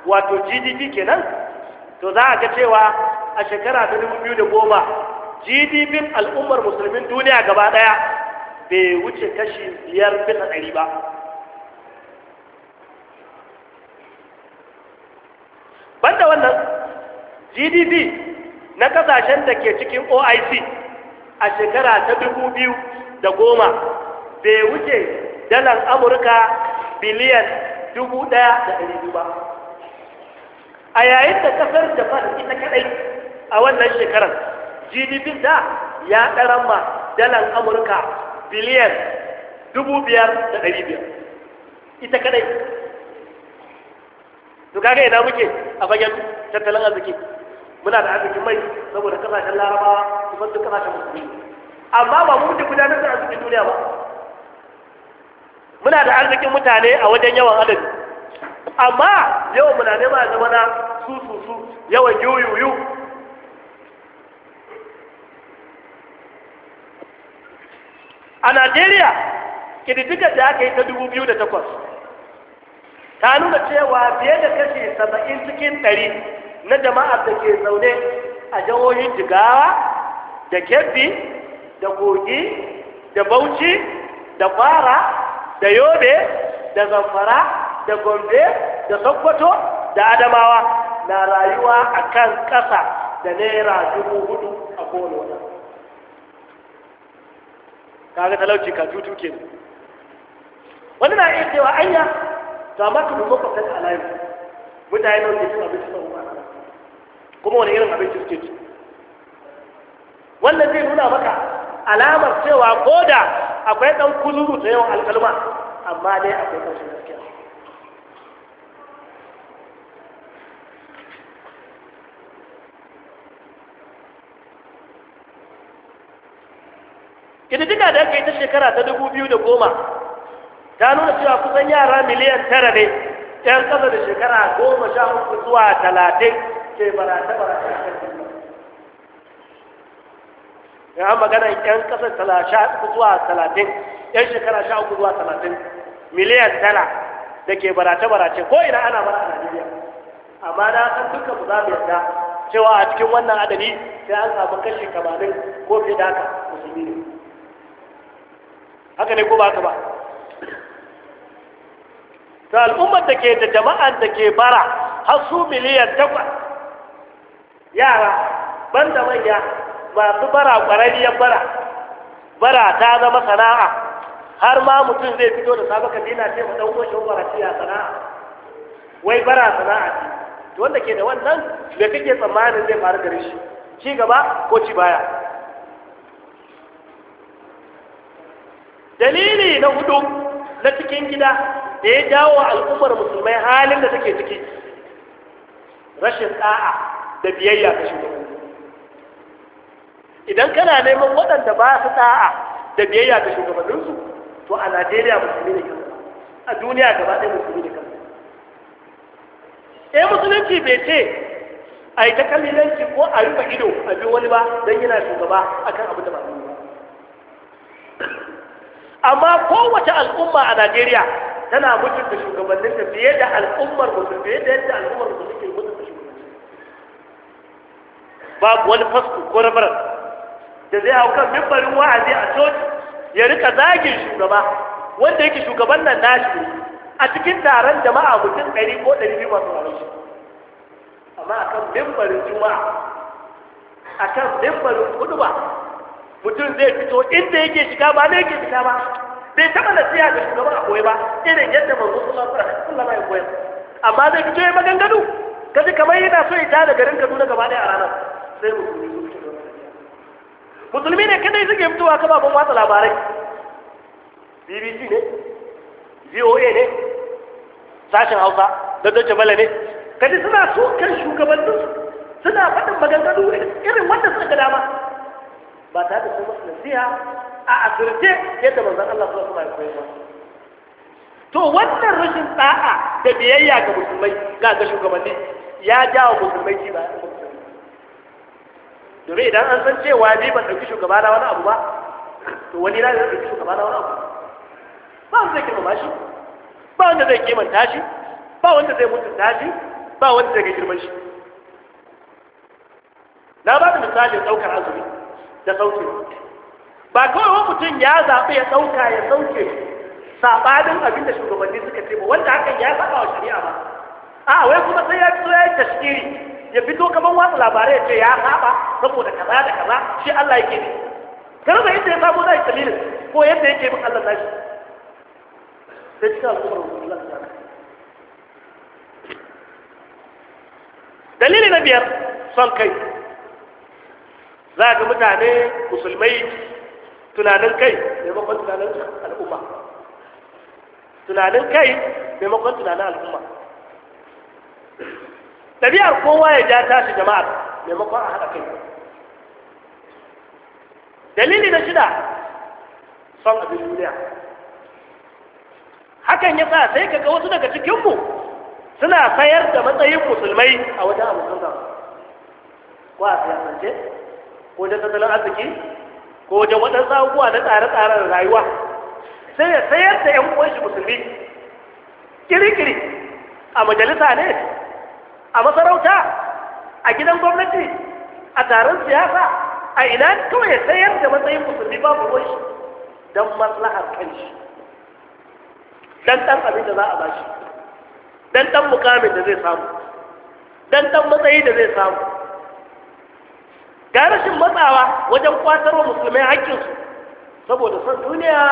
wato gdp kenan to za a ga cewa a shekara ta dubu da goma gdp al'ummar musulmin duniya gaba daya bai wuce kashi biyar bisa ɗari ba banda wannan gdp na kasashen da ke cikin oic a shekara ta dubu biyu da goma bai wuce dalar amurka biliyan dubu ɗaya da ɗari biyu ba a yayin da kasar japan ita kaɗai a wannan shekarar gdp da ya ƙaran ma dalar amurka biliyan dubu biyar da ɗari biyar ita kadai to kaga ina muke a fagen tattalin arziki muna da arzikin mai saboda kasashen larabawa su duk kasashen musulmi amma ba mu mutu gudanar da arzikin duniya ba muna da arzikin mutane a wajen yawan adadi amma yawan muna nema zama na su su su yawan yuyu a najeriya ƙididdigar da aka yi ta 2008 ta nuna cewa fiye da kashi 70 cikin ɗari na jama'ar da ke zaune a jihohin jigawa da kebbi da kogi da bauchi da kwara da yobe da zamfara da gombe da sokoto da adamawa na rayuwa a kan ƙasa da naira dubu hudu a kowane wata kaga talauci ka tutu ke wani na iya cewa anya to amma ka dubo ka san alayi mutane nan ke cin abinci sau ba kuma wani irin abinci suke ci wannan zai nuna maka alamar cewa ko da akwai dan kuzuru da yawan alkalma amma dai akwai ƙarshen gaskiya ƙididdiga da aka yi ta shekara ta dubu biyu da goma ta nuna cewa kusan yara miliyan tara ne yan ƙasa da shekara goma sha uku zuwa talatin ke barace-barace a kan ya magana yan ƙasa sha uku zuwa talatin yan shekara sha uku zuwa talatin miliyan tara da ke barace-barace ko ina ana bara a Najeriya amma na san dukkan mu za mu yarda cewa a cikin wannan adadi sai an samu kashi kamanin ko fi da haka musulmi ne haka ne ko ba ka ba ta al'ummar da ke da jama'an da ke bara har su miliyan takwas yara ban da manya masu bara ƙwararriyar bara bara ta zama sana'a har ma mutum zai fito da sabaka dina ce mu dan uwan bara ce ya sana'a wai bara sana'a ce wanda ke da wannan da kake tsammanin zai faru gare shi ci gaba ko ci baya dalili na hudu na cikin gida da ya jawo al'ummar musulmai halin da take ciki rashin da'a da biyayya ta shugaba idan kana neman waɗanda ba su da'a da biyayya ga shugabanninsu to a najeriya musulmi ne kansa a duniya gaba ɗaya musulmi ne kansa ɗaya eh, musulunci bai ce a yi ta kalilanci ko a rufe ido a bi wani ba don yana shugaba akan abu da ba su ba amma kowace al'umma a Najeriya tana mutunta shugabanninta fiye da al'ummar musulmi fiye da yadda al'ummar musulmi ke da shugabannin. babu wani fasko ko rabar da zai hau kan mimbarin wa'azi a coci ya rika zagin shugaba wanda yake shugaban nan nashi a cikin taron jama'a mutum ɗari ko ɗari biyu masu wani shi amma akan mimbarin juma'a akan mimbarin hudu ba mutum zai fito inda yake shiga ba ne yake shiga ba bai taɓa siya da shugaba a koyi ba irin yadda manzo sallallahu alaihi wasallam ya koyar amma zai fito ya maganganu kaji kamar yana so ya tada garin Kaduna gaba ɗaya a ranar sai musulmi musulmi ne kadai suke fitowa abin watsa labarai bbc ne voa ne sashen hausa da zai jamala ne kaji suna so kan shugabanninsu suna faɗin maganganu irin wanda suka ga dama ba tare da sun masu nasiha a asirce yadda manzon Allah sallallahu alaihi wasallam ya koyar to wannan rashin da'a da biyayya ga musulmai ga ga shugabanni ya jawo musulmai ci ba domin idan an san cewa ni ban ɗauki shugaba na wani abu ba to wani na zai ɗauki shugaba na wani abu ba wanda zai girmama shi ba wanda zai kimanta shi ba wanda zai mutunta shi ba wanda zai girman shi na ba da misalin ɗaukar azumi da sauke ba kawai wani mutum ya zaɓi ya ɗauka ya sauke saɓanin abin da shugabanni suka ce ba wanda hakan ya saba wa shari'a ba a wai kuma sai ya fito ya yi tashkiri ya fito kamar watsa labarai ya ce ya haɓa saboda kaza da kaza shi Allah yake ne kar da yadda ya samu zai dalilin ko yadda yake min Allah tashi sai cikin al'ummar Allah ta dalili na biyar son kai za ga mutane musulmai tunanin kai maimakon tunanin al'umma tunanin kai maimakon tunanin al'umma ɗabi'ar kowa ya ja tashi jama'ar maimakon a haɗa kai dalili na shida son abin duniya hakan ya sa sai kaga wasu daga cikinmu suna sayar da matsayin musulmai a wajen abokan zama ko a siyasance ko wajen tattalin arziki ko wajen waɗansu abubuwa na tsare-tsaren rayuwa sai ya sayar da ‘yan shi musulmi kirikiri a majalisa ne a masarauta a gidan gwamnati a taron siyasa a ina kawai ya sayar da matsayin musulmi ba babu shi don maslahar kanshi don ɗan abin da za a bashi don ɗan mukamin da zai samu don ɗan matsayi da zai samu ga rashin matsawa wajen kwatarwa musulmai haƙƙinsu saboda son duniya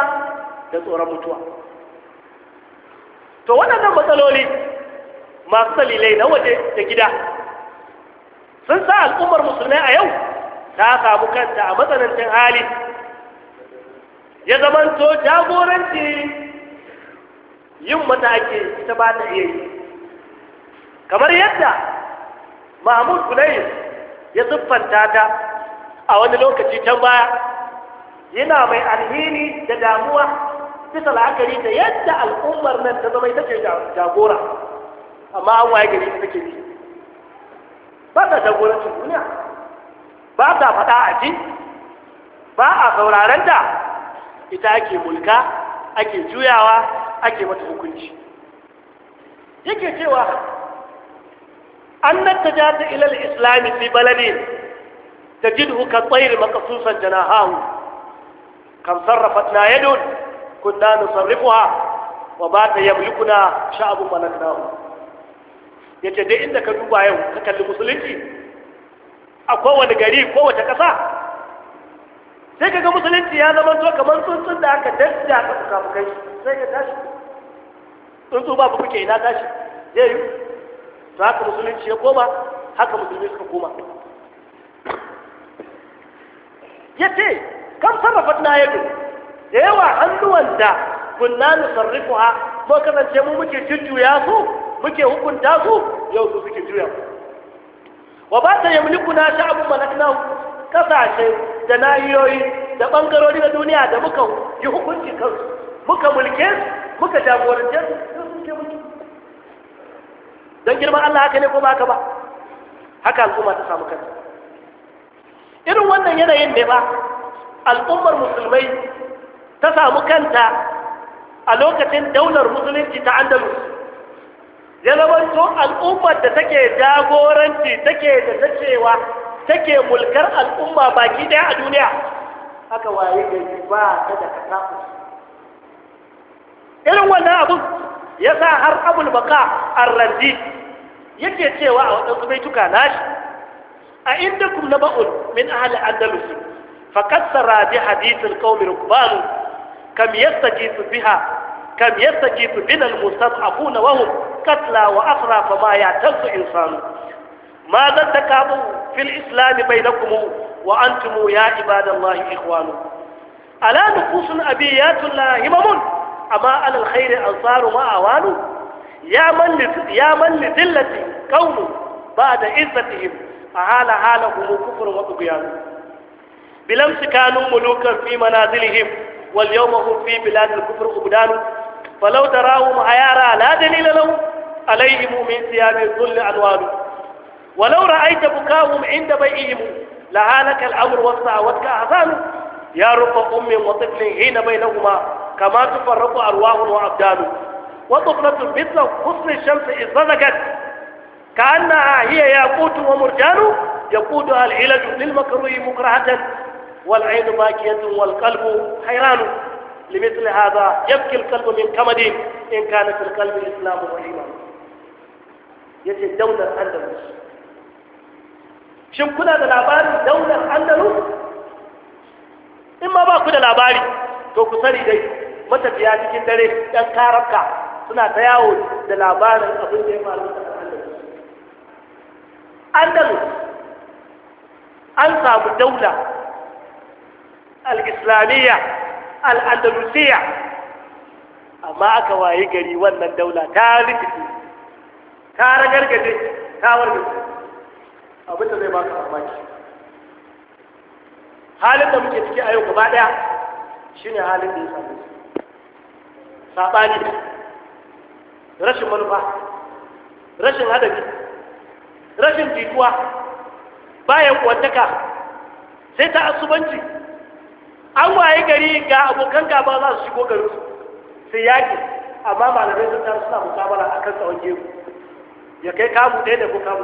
da tsoron mutuwa to waɗannan matsaloli masu dalilai na waje da gida sun sa al'ummar musulmai a yau ta samu kanta a matsanancin hali ya zamanto jagoranci yin mata ake ta ba ta iya yi kamar yadda mahmud gunayi ya siffanta ta a wani lokaci can baya yana mai alhini da damuwa bisa la'akari da yadda al'ummar nan ta zama ita ce jagora amma an waye gari ta take bi ba ta jagorancin duniya ba ta faɗa a ji ba a sauraren ta ita ake mulka ake juyawa ake mata hukunci yake cewa أن التجاهل إلى الإسلام في بلد تجده كالطير مقصوصا جناهاه كم صرفتنا يد كنا نصرفها وبات يملكنا شعب ملكناه yace dai inda ka duba yau ka kalli musulunci a kowane gari kowace ƙasa sai ka ga musulunci ya zama to kamar tsuntsun da aka dasta ka fuka fukai sai ka tashi tsuntsu ba ina tashi zai to haka musulunci ya koma haka musulmi suka koma ya ce kan sarrafa na yadda da yawa hannuwan da kunna nusarrifu ha ko kasance mu muke jujjuya su muke hukunta su yau su suke juya wa ba ta yamliku na sha'abun malaknahu kasashe da nahiyoyi da bangarori na duniya da muka yi hukunci kansu muka mulke su muka jagorance su sun ke mulki don girman Allah haka ne ko ba haka ba haka al'umma ta samu kanta irin wannan yanayin ne ba al'ummar musulmai ta samu kanta a lokacin daular musulunci ta andalus ya zamanto al'ummar da take jagoranci take da ta cewa take mulkar al'umma baki daya a duniya haka waye gari ba ta da kasa irin wannan abun ya sa har abul baka arrandi yake cewa a waɗansu tuka nashi a inda kum na ba'ul min ahli andalus fa kassara bi hadithil qaumi rukbanu kam yastajibu biha kam yastajibu bin al mustad'afuna wa hum katla wa afra fa ma yatasu insan ma zan takabu fil islam bainakum wa antum ya ibadallahi ikhwanu ala nufusun abiyatullah himamun amma ala khairi ansaru ma awanu يا من يا من ذلتي قوم بعد عزتهم فحال حالهم كفر وطغيان بلمس كانوا ملوكا في منازلهم واليوم هم في بلاد الكفر أبدان فلو تراهم عيارا لا دليل لهم عليهم من ثياب الذل أنوال ولو رأيت بكاهم عند بيئهم لهالك الأمر واستعوتك أحزان يا رب أم وطفل حين بينهما كما تفرق أرواح وأبدان وطفلة مثل غصن الشمس إذ بزغت كأنها هي ياقوت ومرجان يقودها العلج للمكروه مكرهة والعين باكية والقلب حيران لمثل هذا يبكي القلب من كمد إن كان في القلب الإسلام والإيمان يجد دولة الأندلس شم كنا da labarin دولة الأندلس إما ma ba توقف da دي متى ku sani dai matafiya cikin dare karabka suna ta yawo da labarin abin da ya faru da andalus an samu daula al-islamiyya al-andalusiyya amma aka wayi gari wannan daula ta rikice ta ragargaje ta wargaje abin da zai baka mamaki halin da muke ciki a yau gaba daya shine halin da ya samu sabani rashin manufa rashin adabi rashin jituwa bayan kuwantaka sai ta asubanci an waye gari ga abokan gaba za su shigo garin su sai yaƙi amma malamai sun taru suna musamman a kan tsawon gemu ya kai kamu ɗaya da ko kamu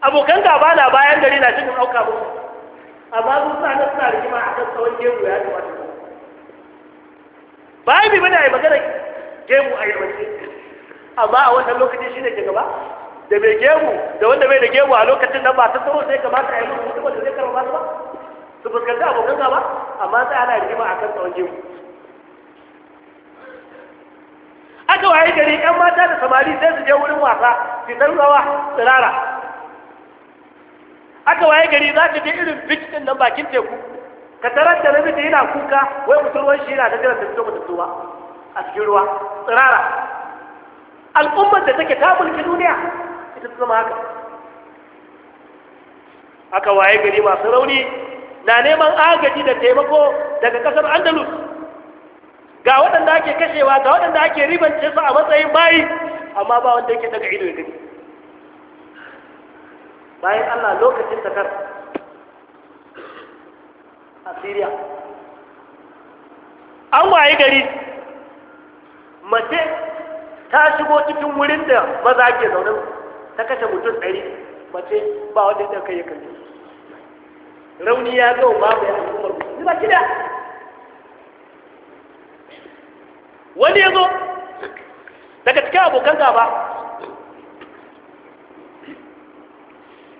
abokan gaba na bayan gari na cikin ɗauka musu amma sun sa na suna rigima a kan tsawon gemu ya kamata ba yi bane a yi magana gemu a yarwace amma a wannan lokacin shi ne ke gaba da mai gemu da wanda bai da gemu a lokacin nan ba ta tsoro sai kamata a yi musu mutum da zai karɓa ba su ba su fuskanta abokan gaba amma sai ana rigima a kan tsawon gemu aka waye gari yan mata da samari sai su je wurin wasa su san rawa tsirara aka waye gari za ka je irin bikin nan bakin teku ka tarar da namiji yana kuka wai mutuwar shi yana da jiran fito ba fito ba a cikin ruwa tsirara al'ummar da take ta mulki duniya ita ta zama haka aka waye gari masu rauni na neman agaji da taimako daga kasar andalus ga waɗanda ake kashewa ga waɗanda ake ribance su a matsayin bayi amma ba wanda yake daga ido ya gani bayan allah lokacin takar a syria an waye gari mace ta shigo cikin wurin da maza ke zaune ta kashe mutum tsari mace ba wajen ya kai ya kalli rauni ya zo babu yana al'ummar musulmi ba kida wani ya zo daga cikin abokan gaba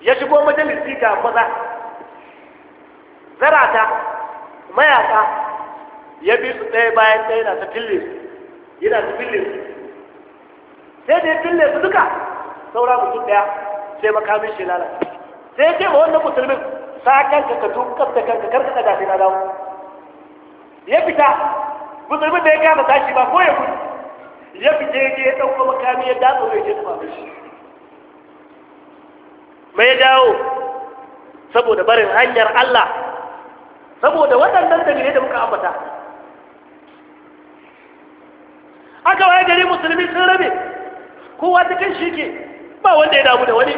ya shigo majalisi ga maza zarata mayaka ya bi su ɗaya bayan ɗaya na ta fille su yana ta fille su sai da ya fille su duka saura mutum ɗaya sai makamin shi lalata sai ce ma wannan musulmin sa kanka ka tukar da kanka karka ɗaga dafi na dawo ya fita musulmin da ya gama tashi ba ko ya gudu ya fita ya je ya ɗauko makami ya datsa zai je tafa shi mai dawo saboda barin hanyar Allah saboda waɗannan dalilai da muka ambata aka waye gari musulmi sun rabe kowa cikin shi ke ba wanda ya damu da wani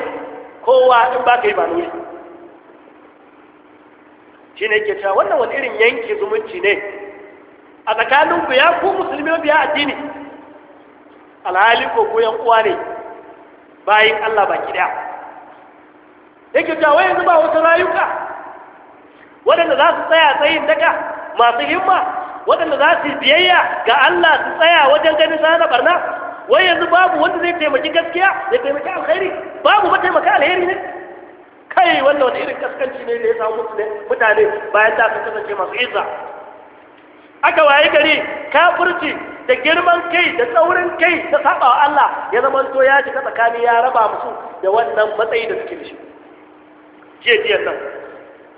kowa in ba ka yi ba ne shi ne ke cewa wannan wani irin yanki zumunci ne a tsakanin biya ko musulmi biya addini alhali ko koyan uwa ne bayan allah baki daya yake cewa yanzu ba wasu rayuka waɗanda za su tsaya tsayin daga masu himma waɗanda za su biyayya ga Allah su tsaya wajen ganin sana barna wai yanzu babu wanda zai taimaki gaskiya ya taimaki alheri, babu taimaka alheri ne kai wannan wani irin kaskanci ne da ya samu mutane bayan ta sun kasance masu izza aka waye gari kafirci da girman kai da tsaurin kai da saba wa Allah ya zama to ya shiga tsakani ya raba musu da wannan matsayi da suke da shi jiya jiya nan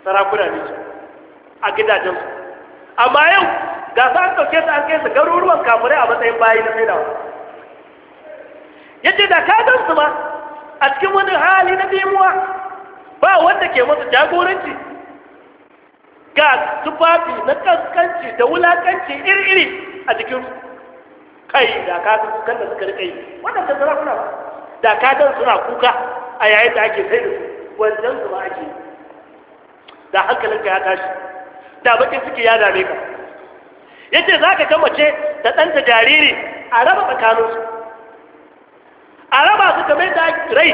sarakuna ne su a gidajen su amma yau ga sa an ɗauke su an kai su garuruwan kafirai a matsayin bayi na sai da yace da ka gan su ma a cikin wani hali na dimuwa ba wanda ke masa jagoranci ga tufafi na kaskanci da wulakanci iri-iri a jikin kai da ka kan da suka rikai yi waɗanda sarakuna da ka gan suna kuka a yayin da ake sai da su wajen su ba ake yi da hankalinka ya tashi da bakin ciki ya dame ka yace za ka ga mace da ɗanta jariri a raba tsakaninsu a raba su kamar da rai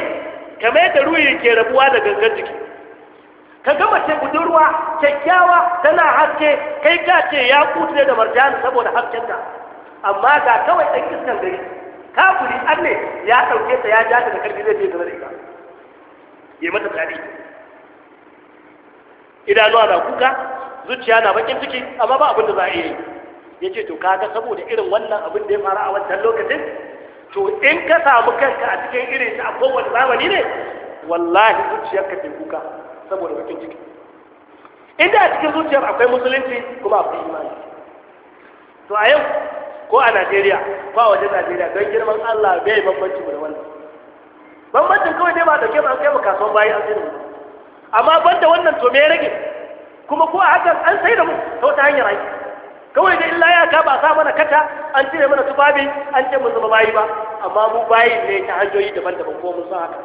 kamar da ruhi ke rabuwa da gangan jiki ka ga mace budurwa kyakkyawa tana haske kai ka ce ya kuce da marjani saboda hasken ta amma ga kawai ɗan iskan gari kafuri an ne ya ɗauke ta ya ja ta da karfi zai ce zama da ita ya mata tsari idanuwa na kuka zuciya na bakin ciki amma ba abin da za a yi ya ce to kaga saboda irin wannan abin da ya faru a wancan lokacin to in ka samu kanka a cikin irin shi a kowane zamani ne wallahi zuciyarka ke kuka saboda bakin ciki inda a cikin zuciyar akwai musulunci kuma akwai imani to a yau ko a najeriya ko a wajen najeriya don girman allah bai bambanci mu da wannan bambancin kawai dai ba da ke ba kai mu kasuwan bayan an sai da amma banda wannan to me rage kuma ko a hakan an sai da mu ta wata hanyar ai kawai da illa ya ka ba sa mana kata an cire mana tufafi an ce mu zama bayi ba amma mu bayi ne ta hanyoyi daban-daban ko mun san haka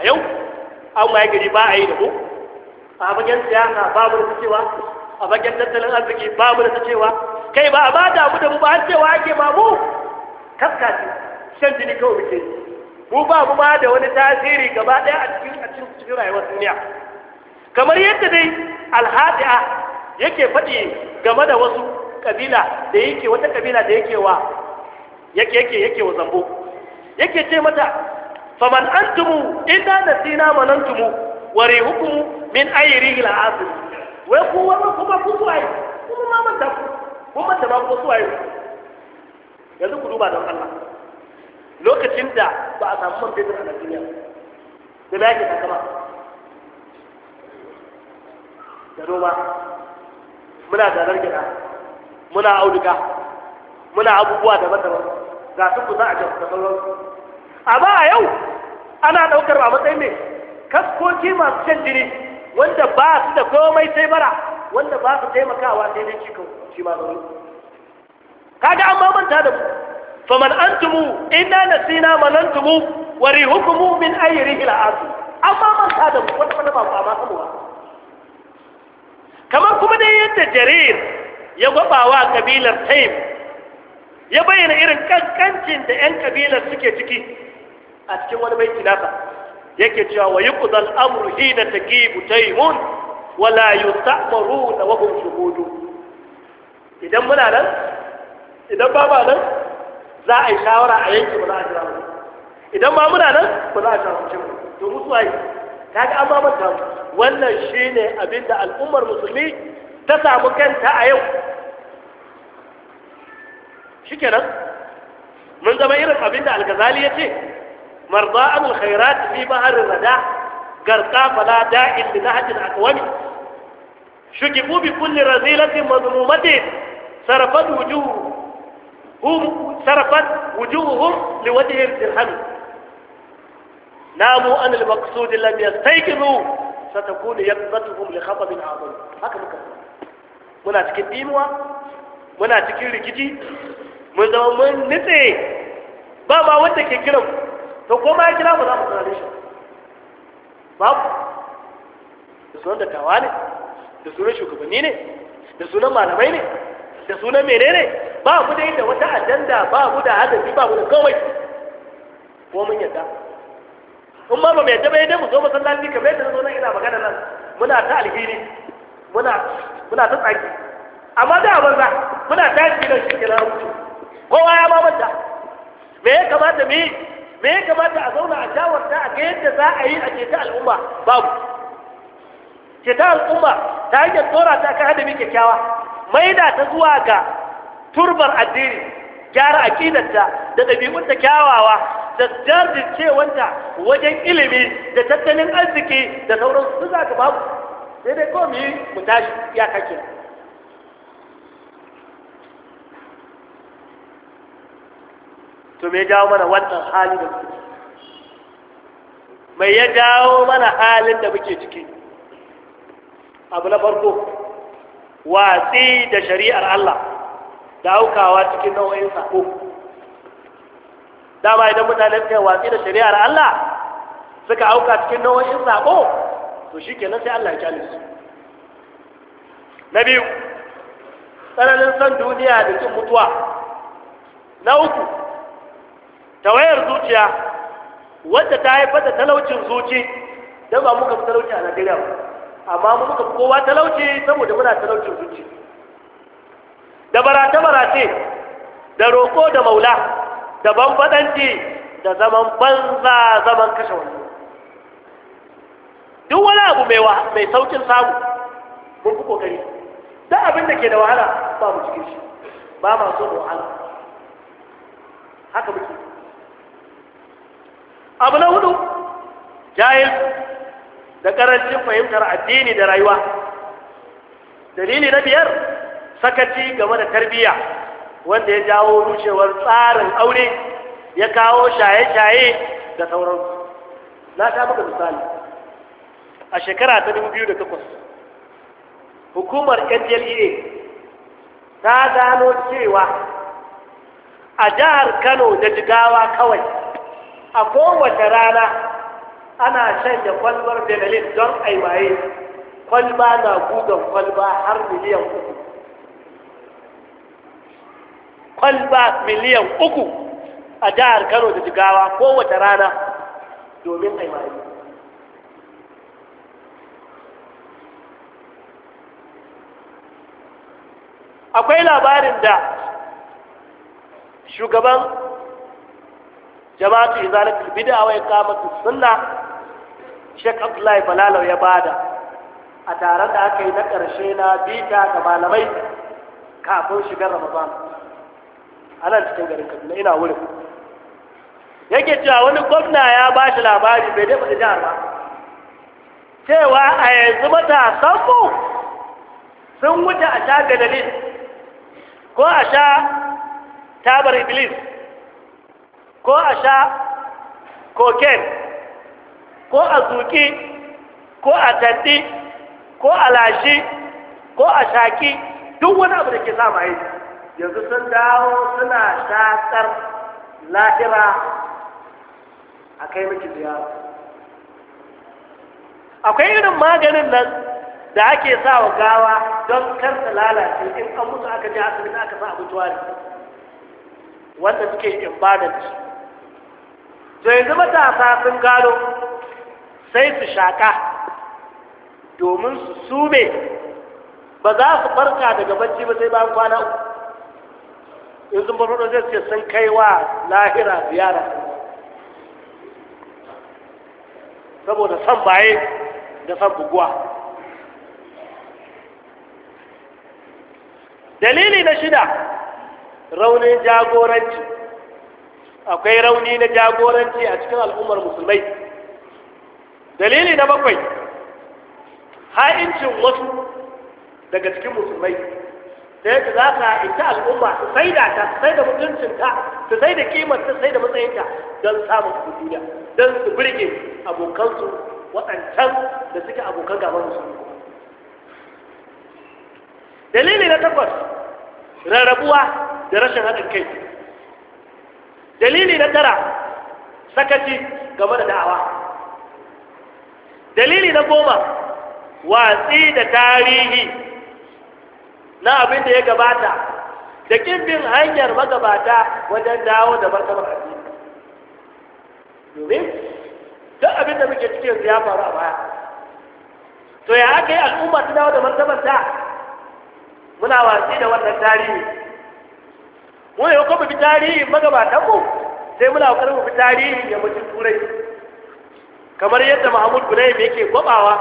a yau an waye gari ba a yi da mu a bagen siyasa babu da cewa a bagen tattalin arziki babu da cewa kai ba a ba da mu da mu ba an cewa ake ba mu kaskace shan jini kawai muke yi mu ba mu ba da wani tasiri gaba ɗaya a cikin a cikin rayuwar duniya kamar yadda dai alhadi'a yake faɗi game da wasu kabila da yake wata kabila da yake wa yake yake yake wa zambo yake ce mata faman antumu inda nasina manantumu wa rihukum min ila asiri. wai ku wannan kuma ku suwaye kuma ma manta ku kuma ta ba ku suwaye yanzu ku duba don Allah lokacin da ba a samu man fetur a Najeriya da na yake kama da noma muna zarar gida muna auduga muna abubuwa daban-daban ga su kusa a jan da sauransu amma a yau ana ɗaukar a matsayin ne kaskoki masu shan jini wanda ba su da komai sai bara wanda ba su taimakawa sai dai cikin shi ma zaune kaga an mamanta da mu faman antumu na nasina man tumu, wari hukumu min ayyari al'asu amma man ta da wata wani ba ba saboda kamar kuma dai yadda jarir ya gwabawa kabilar taim ya bayyana irin kankancin da 'yan kabilar suke ciki a cikin wani mai nasa yake cewa wa yuqdal amru hina taqibu taymun wa la yusta'maruna na hum shuhudu idan muna nan idan ba ba nan za a yi shawara a yanki ba za a jira mu idan ba muna nan ba za a jira mu to musu ai kaga an ma wannan shine abin da al'ummar musulmi ta samu kanta a yau shikenan mun zama irin abin da al-Ghazali yace marda'an al-khairat fi bahr ar-rada garqa fala da'in bi nahj al-aqwami shukifu bi kulli razilatin madmumatin sarafat wujuhu هم صرفت وجوههم لوجه الدرهم ناموا أن المقصود maqsud يستيقظوا ستكون satakunu لخطب عظيم هكذا muna cikin dimuwa muna cikin rikici mun zama mun nitse ba ba wanda ke kiran to ko ma ya kira za mu tsare shi da sunan ne da sunan shugabanni ne da sunan malamai ne da sunan menene ba mu dai da wata ajanda ba mu da hadafi ba mu da kawai ko mun yadda in ma ba mu yadda ba yadda mu zo masallaci kamar yadda zo nan ina magana nan muna ta alheri muna muna ta tsaki amma da banza muna ta ji da shi na mutu kowa ya ma manta me ya kamata me me ya kamata a zauna a shawarta a ga yadda za a yi a ta al'umma babu ta al'umma ta hanyar tsora ta kan hadabi kyakkyawa maida ta zuwa ga turbar addini gyara aqidarta da ɗabi'unta kyawawa da jajircewanta wajen ilimi da tattalin arziki da sauran su za ka ku, sai dai ko mu yi mu tashi ya kake to me jawo mana wannan hali da muke mai ya jawo mana halin da muke ciki abu na farko watsi da shari'ar Allah da aukawa cikin nau'in sako dama idan mutane suka yi watsi da shari'ar Allah suka auka cikin nau'in sako to shi sai Allah ya kyale su na biyu tsananin san duniya da cin mutuwa na uku tawayar zuciya wadda ta haifar da talaucin zuci don ba muka fi talauci a Najeriya ba amma muka fi kowa talauci saboda muna talaucin zuci da barace-barace da roƙo da maula da banfadanci da zaman banza zaman kashe wani duk wani abu mai saukin samu mun fi kokari da abin da ke da wahala ba mu cikin shi ba ma so da wahala haka muke abu na hudu jahil da karancin fahimtar addini da rayuwa dalili na biyar sakaci game da tarbiyya wanda ya jawo rushewar tsarin aure ya kawo shaye-shaye da sauransu na ta maka misali a shekara ta 2008 hukumar ndla e ta gano cewa a jihar kano da jigawa kawai a kowace rana ana shanya kwalbar benelit don aiwaye kwalba na gugan kwalba har miliyan uku kwalba miliyan uku a jihar kano da jigawa kowace rana domin aimari akwai labarin da shugaban jama'atu izalatul bid'a wa su sunna Sheikh Abdullahi Balalau ya bada a taron da aka yi na ƙarshe na bita da malamai kafin shigar Ramadan a cikin garin kaduna ina wurin yake cewa wani gwamna ya ba shi labari bai dai faɗi jihar ba cewa a yanzu matasan mu sun wuce a sha ganalin ko a sha tabar iblis ko a sha koken ko a zuki ko a tandi ko a lashi ko a shaki duk wani abu da ke sa yi. yanzu sun dawo suna shakar lahira a kai miki ziyara akwai irin maganin nan da ake sa wa gawa don kar ta lalace in an mutu aka je asibiti aka sa abubuwa tuwari wanda suke in bada su to yanzu matasa sun gano sai su shaka domin su sume ba za su farka daga bacci ba sai bayan kwana uku in zumba farfado zai ce sun kai wa lahira ziyara saboda san baye da san buguwa dalili na shida raunin jagoranci akwai rauni na jagoranci a cikin al'ummar musulmai dalili na bakwai ha'incin wasu daga cikin musulmai da yake za ka ita al'umma su sai da ta sai da mutuncinta su sai da kimar ta sai da matsayinta don samun duniya don su burge abokansu waɗancan da suke abokan gaban su dalili na takwas rarrabuwa da rashin haɗin kai dalili na tara sakaci game da da'awa dalili na goma watsi da tarihi na abin da ya gabata da kin bin hanyar magabata wajen dawo da martabar addini domin duk abin da muke cikin ya faru a baya to ya aka yi al'umma ta dawo da martabar ta muna watsi da wannan tarihi mu ne kuma bi tarihin magabatan mu sai muna kokarin mu bi tarihin ya mutum turai kamar yadda Mahmud Gulaim yake gwabawa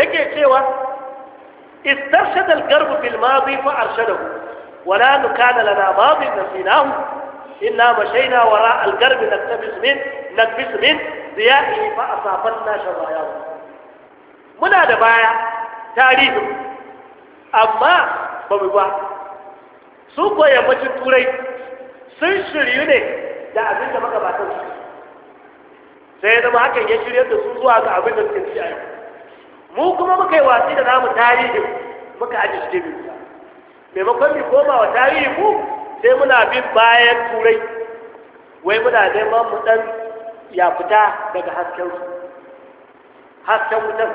yake cewa استرشد الكرب في الماضي فأرشده ولا كان لنا ماضي نسيناه إنا مشينا وراء الكرب نكتبس من نكبس من ضيائه فأصابتنا شراياه منا دبايا تاريخ أما بمبا سوق يمجن توري sun يوني دا da abin da magabatan يشير sai zama hakan ya mu kuma muka yi watsi da namu tarihin muka aji shi biyu maimakon mu koma wa tarihi mu sai muna bin bayan turai wai muna neman mu dan ya fita daga hasken hasken wutan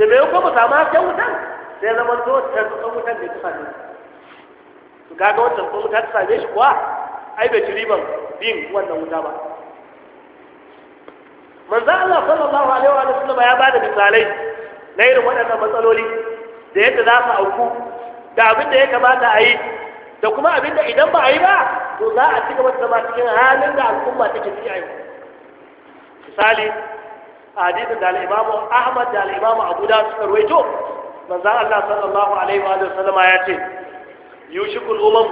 da mai mu samu hasken wutan sai zama to tarzukan wutan da tafa ne su gaga wannan ko ta same shi kuwa ai bai ci riban bin wannan wuta ba manzo Allah sallallahu alaihi wa sallam ya bada misalai na irin waɗannan matsaloli da yadda za su auku da abin da ya kamata a yi da kuma abin da idan ba a yi ba to za a ci gaba da zama cikin halin da al'umma take ciki a yau misali a hadisin da al'imamu ahmad da al'imamu abu da suka ruwaito manzan allah sallallahu alaihi wa sallama ya ce yushikul umam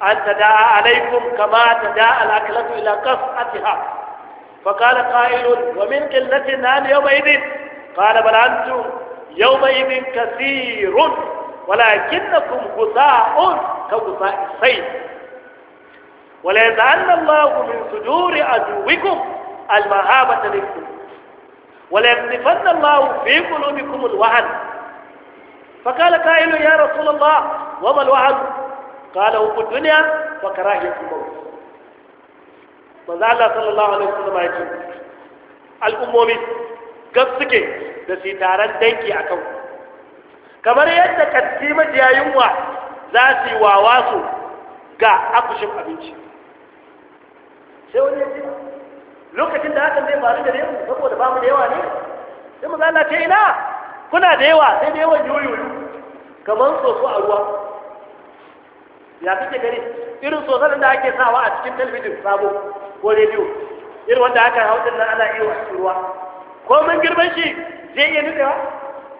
an tada'a alaikum kama tada'a al'akalatu ila qas'atiha فقال قائل ومن قلتنا اليومئذ قال بل أنتم يومئذ كثير ولكنكم غثاء كغثاء السيل وليجعلن الله من صدور عدوكم المهابة لكم وليقذفن الله في قلوبكم الوعد فقال قائل يا رسول الله وما الوعد قال هو الدنيا وكراهية الموت فزعل الله صلى الله عليه وسلم يقول الأمومي gab suke da su taron danki a kan kamar yadda kanti majiya yunwa za su yi wawa su ga akushin abinci sai wani ya ce lokacin da hakan zai faru da ne saboda ba mu da yawa ne sai mu zana ce ina kuna da yawa sai da yawan yoyo kamar soso a ruwa ya kake gani irin soso da ake sawa a cikin talbijin sabo ko rediyo irin wanda aka hau din nan ana iya wasu ruwa komin girman shi zai iya nutsewa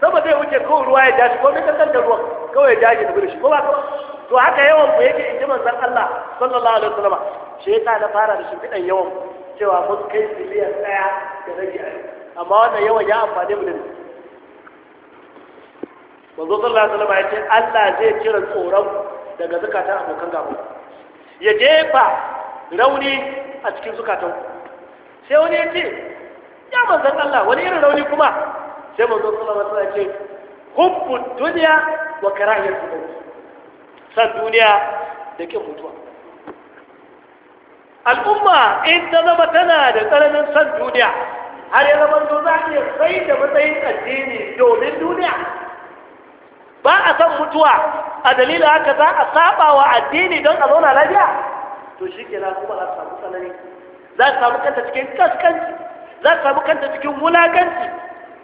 sama zai wuce kawai ruwa ya jashi komin kankan da ruwan kawai ya jashi da shi ko ba kawai to haka yawan ku yake in ji manzan Allah sallallahu alaihi wasallam shi yasa na fara da shimfiɗan yawan cewa mun kai biliyan ɗaya da rage a amma wannan yawan ya amfani mu da ni manzo sallallahu alaihi wasallam ya ce Allah zai cire tsoron daga zakatan abokan gaba ya jefa rauni a cikin zukatan sai wani ya ce ya manzan Allah wani irin rauni kuma sai manzon sallallahu alaihi wasallam ce hubbu duniya wa karahiyatul maut san duniya da kin mutuwa al'umma in ta zama tana da tsananin san duniya har ya zama to za a iya sai da matsayin addini domin duniya ba a san mutuwa a dalilin haka za a saba wa addini don a zauna lafiya to shi ke kuma a samu tsanani za a samu kanta cikin kaskanci za ka samu kanta cikin wulakanci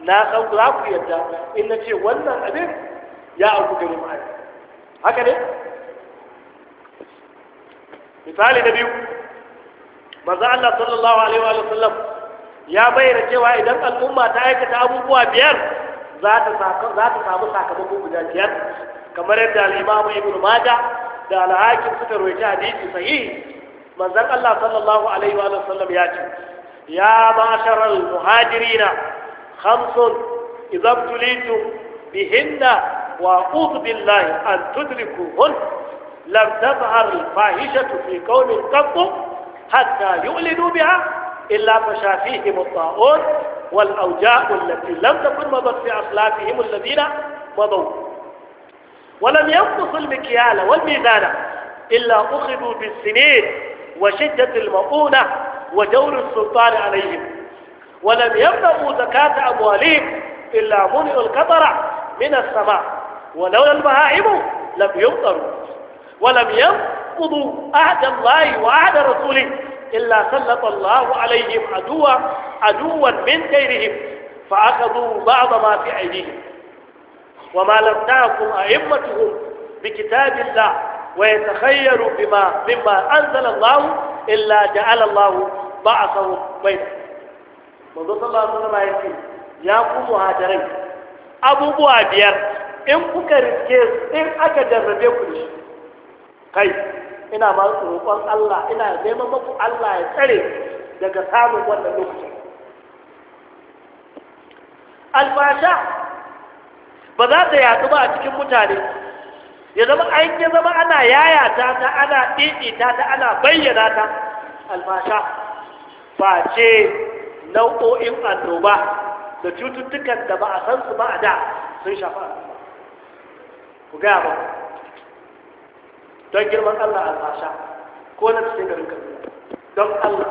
na san za ku yadda in na ce wannan abin ya auku gari mu haka ne misali na biyu manzo Allah sallallahu alaihi wa sallam ya bayyana cewa idan al'umma ta aikata abubuwa biyar za ta samu sakamako guda biyar kamar yadda al-Imam Ibn Majah da al-Hakim suka rawaita hadisi sahihi manzon Allah sallallahu alaihi wa sallam ya ce يا معشر المهاجرين خمس إذا ابتليتم بهن وأعوذ بالله أن تدركوهن لم تظهر الفاحشة في كون قط حتى يؤلنوا بها إلا مشافيهم فيهم الطاعون والأوجاء التي لم تكن مضت في أخلافهم الذين مضوا ولم ينقص المكيال والميزان إلا أخذوا بالسنين وشدة المؤونة ودور السلطان عليهم ولم يبلغوا زكاة أموالهم إلا منعوا القطر من السماء ولولا البهائم لم يمطروا ولم ينقضوا عهد الله وعهد رسوله إلا سلط الله عليهم عدوا عدوا من غيرهم فأخذوا بعض ما في أيديهم وما لم تعكم أئمتهم بكتاب الله ويتخيروا بما مما أنزل الله إلا جعل الله ba a sahu bai manzo sallallahu alaihi wasallam yake ya ku muhajirai abubuwa biyar in kuka rike in aka jarrabe ku shi kai ina ba roƙon Allah ina neman maku Allah ya tsare daga samun wannan lokacin alfasha ba za ta yatsu ba a cikin mutane ya zama an zama ana yayata ta ana ta ta ana bayyana ta alfasha Ba ce nau'o'in annoba da cututtukan da ba a san su ba a da sun shafa al'umma ku gaya ba don girman Allah alfasha ko na cikin garin Kaduna don Allah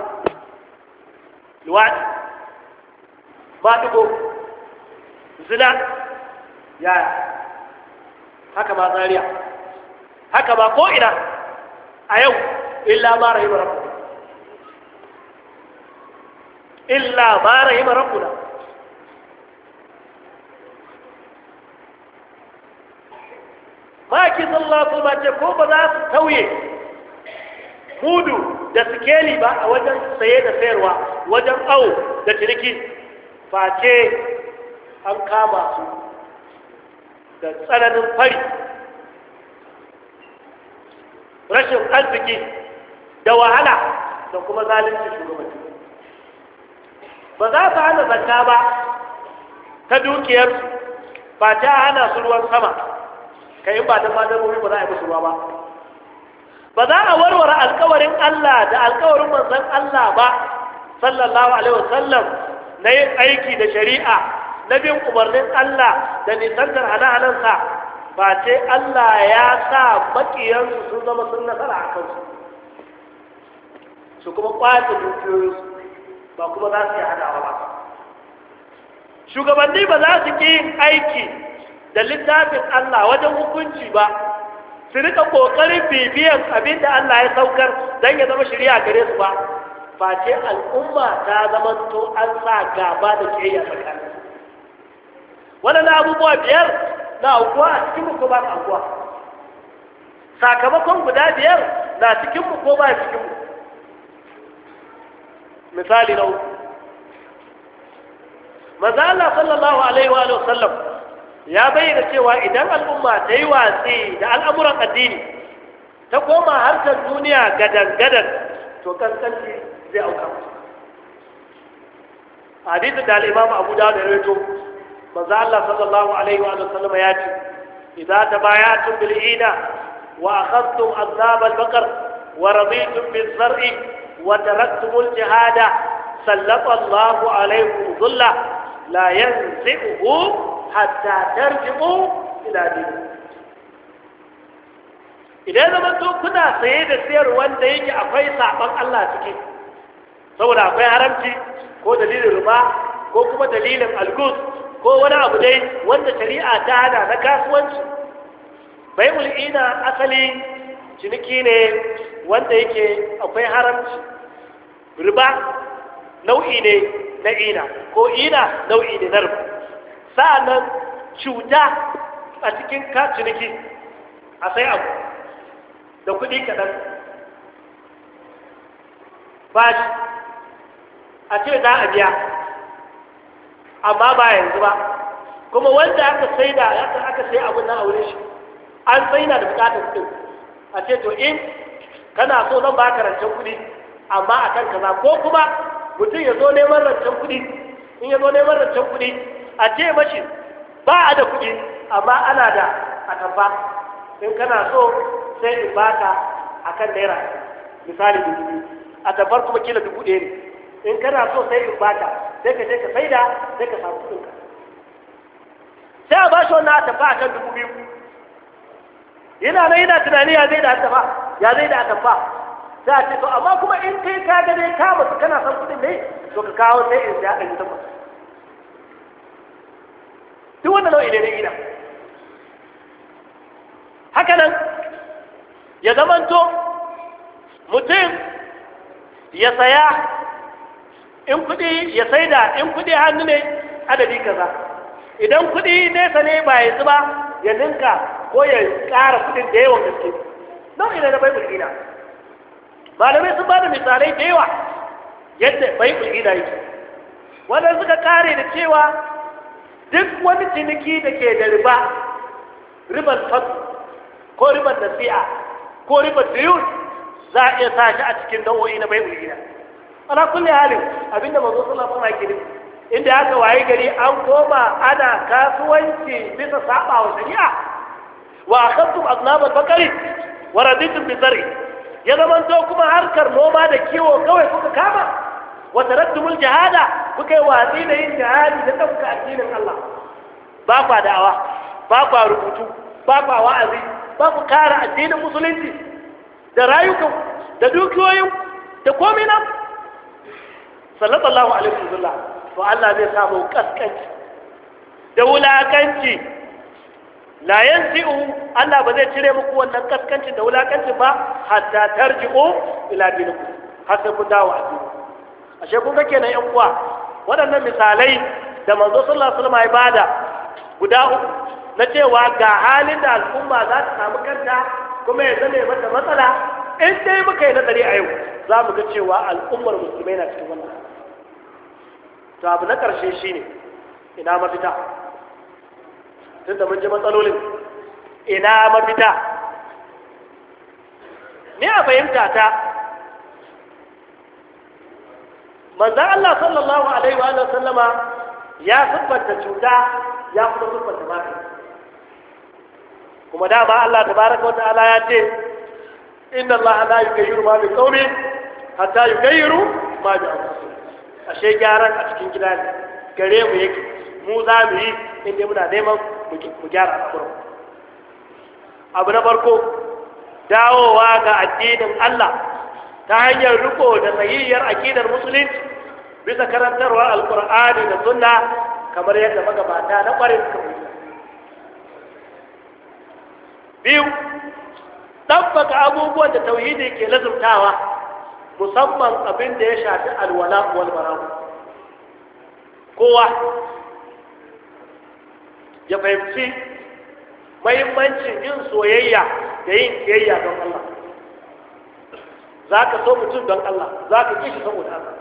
luwadi maɗigo zina yaya haka ba zariya haka ba ko'ina a yau illa ma rahimu rabu illa ba rahima rabbuna maki sallallahu alaihi ce ko ba za su tauye mudu da sikeli ba a wajen saye da sayarwa wajen au da ciniki face an kama su da tsananin fari rashin arziki da wahala da kuma zalunci shugabanci ba za ta hana zakka ba ta dukiyar ba ta hana su ruwan sama kai in ba ta fadar ba za a yi musu ruwa ba ba za a warware alkawarin Allah da alkawarin manzon Allah ba sallallahu alaihi wasallam na yin aiki da shari'a na bin umarnin Allah da nisantar halalansa ba ce Allah ya sa makiyansu sun zama sun nasara a kansu su kuma kwace dukiyoyinsu ba kuma za su yi hadawa ba shugabanni ba za su ƙi aiki da littafin Allah wajen hukunci ba su rika ƙoƙarin bibiyan abin da Allah ya saukar don ya zama shirya gare su ba face al'umma ta zama to an sa gaba da ƙiyayya tsakanin waɗannan abubuwa biyar na aukuwa a cikin mu ko ba aukuwa sakamakon guda biyar na cikin mu ko ba cikin mu misali na uku maza Allah sallallahu alaihi wa sallam ya bayyana cewa idan al'umma ta yi watsi da al'amuran addini ta koma harkar duniya gadan-gadan to kankanci zai auka hadisin da al'imam abu da da reto maza Allah sallallahu alaihi wa sallam ya ce idan ta baya tun bil'ina wa akhadtum azab al-baqar wa raditum bil-zar'i وتركتم الجهاد سلط الله عليكم ظلا لا ينزعه حتى ترجعوا إلى دينكم idan zama to kuna saye da sayar wanda yake akwai saban Allah cikin saboda akwai haramci ko dalilin ruba ko kuma dalilin algus ko wani abu dai wanda shari'a ta hada na kasuwanci bai mul'ina asali ciniki ne wanda yake akwai haramci riba nau'i ne na ina ko ina nau'i ne na riba sa'annan cuta a cikin ka ciniki a sai abu da kuɗi kaɗan ba shi a ce za a biya amma ba yanzu ba kuma wanda aka sai da aka sai abin nan a wurin shi an sai na da bukatar kuɗin a ce to in kana so zan ba ka rancen kuɗi amma a kan kaza ko kuma mutum ya zo neman rancen kuɗi in ya zo neman rancen kuɗi a ce mashi ba a da kuɗi amma ana da atamfa in kana so sai in ba a kan naira misali dubu biyu atamfar kuma kila dubu ɗaya ne in kana so sai in ba ka sai ka je ka saida sai ka samu kuɗinka sai a ba shi wannan a kan dubu biyu yana nan yana tunani ya zai da atamfa ya zai da atamfa za a ce to amma kuma in kai ka ga dai ka mutu kana san kuɗin ne to ka kawo sai in ya ɗari takwas duk wanda nau'i ne na gida haka nan ya zamanto mutum ya saya in kudi ya saida in kuɗi hannu ne adadi kaza idan kuɗi nesa ne ba ya zuba ya ninka ko ya ƙara kuɗin da yawan gaske nau'i ne na baibul gida malamai sun bada misalai da yawa yadda bai da yake wannan suka kare da cewa duk wani ciniki da ke da riba riban fas, ko riban nasi'a ko riban diyun za a iya sa shi a cikin nau'o'i na bai da ana kulle halin abinda ba zo suna suna yake inda aka waye gari an koma ana kasuwanci bisa saba wa shari'a wa akhadtum aznab al bakari wa raditum bi ya zamanto kuma harkar noma da kiwo kawai kuka kama wa tarattumul jihada kuka yi watsi da yin jihadi da ɗauka addinin Allah ba kwa da'awa ba kwa rubutu ba kwa wa'azi ba ku kara addinin musulunci da rayukan da dukiyoyin da komai nan? sallallahu alaihi wasallam to Allah zai samu kaskanci da wulakanci la yanzi'u Allah ba zai cire muku wannan kaskancin da wulakancin ba hatta tarji'u ila dinikum har sai ku dawo a dinku ashe kun ga kenan yan uwa waɗannan misalai da manzo sallallahu alaihi wasallam ya bada guda uku na cewa ga halin da al'umma za ta samu kanta kuma ya zame mata matsala in dai muka yi nazari a yau za mu ga cewa al'ummar musulmai na cikin wannan to abu na ƙarshe shine ina mafita tun da mun ji matsalolin ina mafita ni a fahimta ta manzan Allah sallallahu alaihi wa sallama ya siffanta cuta ya kuma siffanta magani kuma dama Allah tabaraka wa ta'ala ya ce inna Allah la yughayyiru ma bi qaumin hatta yughayyiru ma bi anfusihim ashe gyaran a cikin gida ne gare mu yake mu za mu yi inda muna neman ku abu na farko dawowa ga addinin Allah ta hanyar riko da tsayayyar akidar musulunci bisa karantarwa alkur'ani da sunna kamar yadda magabata na ƙwarin suka biyu ɗanfaka abubuwan da tauhidi ke lazumtawa musamman abin da ya shafi alwala wal kowa ya fahimci mahimmancin yin soyayya da yin kiyayya don Allah za ka so mutum don Allah za ka ƙi shi saboda Allah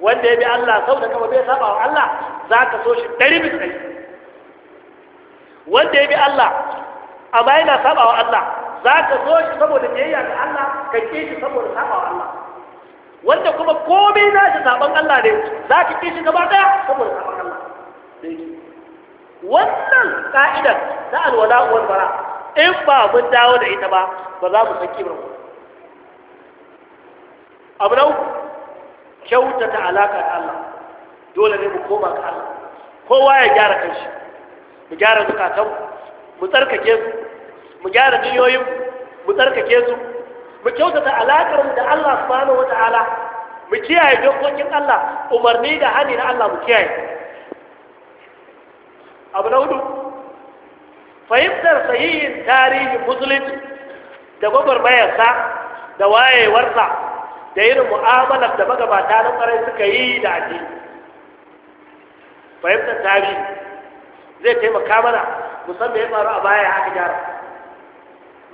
wanda ya bi Allah sau da kama bai saba wa Allah za ka so shi ɗari bi ɗari wanda ya bi Allah amma yana saba wa Allah za ka so shi saboda kiyayya da Allah ka ƙi shi saboda saba wa Allah wanda kuma komai na shi saban Allah ne za ka ƙi shi gaba ɗaya saboda saban Allah wannan ka'idar ta alwala uwar bara in ba mun dawo da ita ba ba za mu san kimar mu abu na uku kyautata alaka da Allah dole ne mu koma ga Allah kowa ya gyara kanshi mu gyara zukatan mu tsarkake su mu gyara niyoyin mu tsarkake su mu kyautata alakar mu da Allah subhanahu Ta'ala, mu kiyaye dokokin Allah umarni da hani na Allah mu kiyaye abu na hudu fahimtar sahihin tarihin musulunci da gwagwarmayarsa da wayewarsa da irin mu'amalar da magabata na kwarai suka yi da addini fahimtar tarihi zai taimaka mana musamman ya faru a baya haka gyara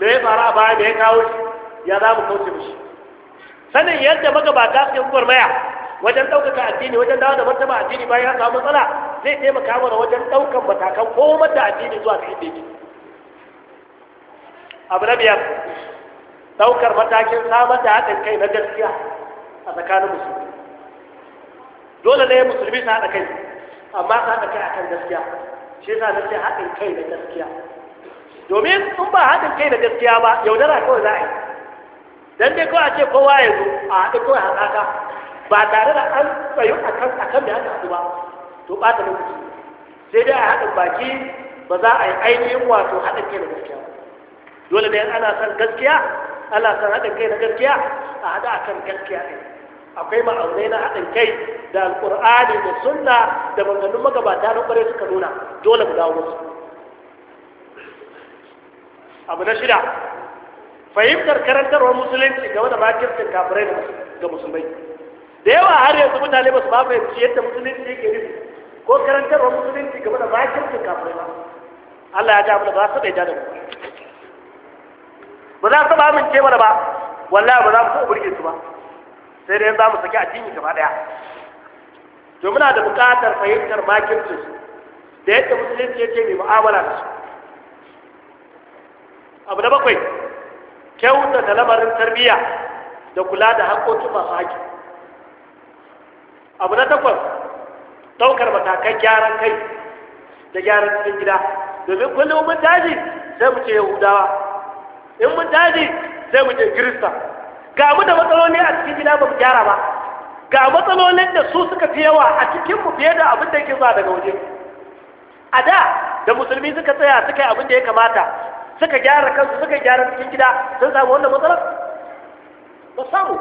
me ya faru a baya me ya kawo shi ya za mu kauce mishi sanin yadda magabata suke gwagwarmaya wajen ɗaukaka addini wajen dawo da martaba addini bayan ya samu matsala zai taimaka mana wajen ɗaukan matakan komar da addini zuwa cikin daji. abu na biyar ɗaukar matakin samar da haɗin kai na gaskiya a tsakanin musulmi dole ne musulmi su haɗa kai amma su haɗa kai akan gaskiya shi yasa na ce haɗin kai na gaskiya domin in ba haɗin kai na gaskiya ba yaudara kawai za a yi dan dai kawai a ce kowa ya zo a haɗin kawai haɗaka ba tare da an tsayu a kan da aka haɗu ba to ɓata lokaci sai dai a haɗin baki ba za a yi ainihin wato haɗin kai da gaskiya dole ne ana son gaskiya ana son haɗin kai na gaskiya a haɗa akan gaskiya ne. akwai ma'aunai na haɗin kai da alƙur'ani da sunna da maganganun magabata na ƙwarai suka nuna dole mu dawo su abu na shida fahimtar karantarwar musulunci game da makirtin kafirai ga musulmai da yawa har yanzu mutane ba su ba fahimci yadda musulunci yake nufi ko wa musulunci game da su kafin ba Allah ya damu da ba su bai da mu ba za su ba amince mana ba wallahi ba za mu taɓa burge su ba sai dai za mu saki addini gaba ɗaya to muna da buƙatar fahimtar bakin su da yadda musulunci yake mai mu'amala da su abu na bakwai kyauta da lamarin tarbiyya da kula da haƙƙoƙin masu haƙƙi abu na takwas ɗaukar matakan gyaran kai da gyaran cikin gida domin kullum mun daji sai mu ce yahudawa in mun daji sai mu ce kirista ga mu da matsaloli a cikin gida ba mu gyara ba ga matsalolin da su suka fi yawa a cikinmu fiye da abin da yake zuwa daga waje a da da musulmi suka tsaya suka yi abin da ya kamata suka gyara kansu suka gyara cikin gida sun samu wannan matsalar ba samu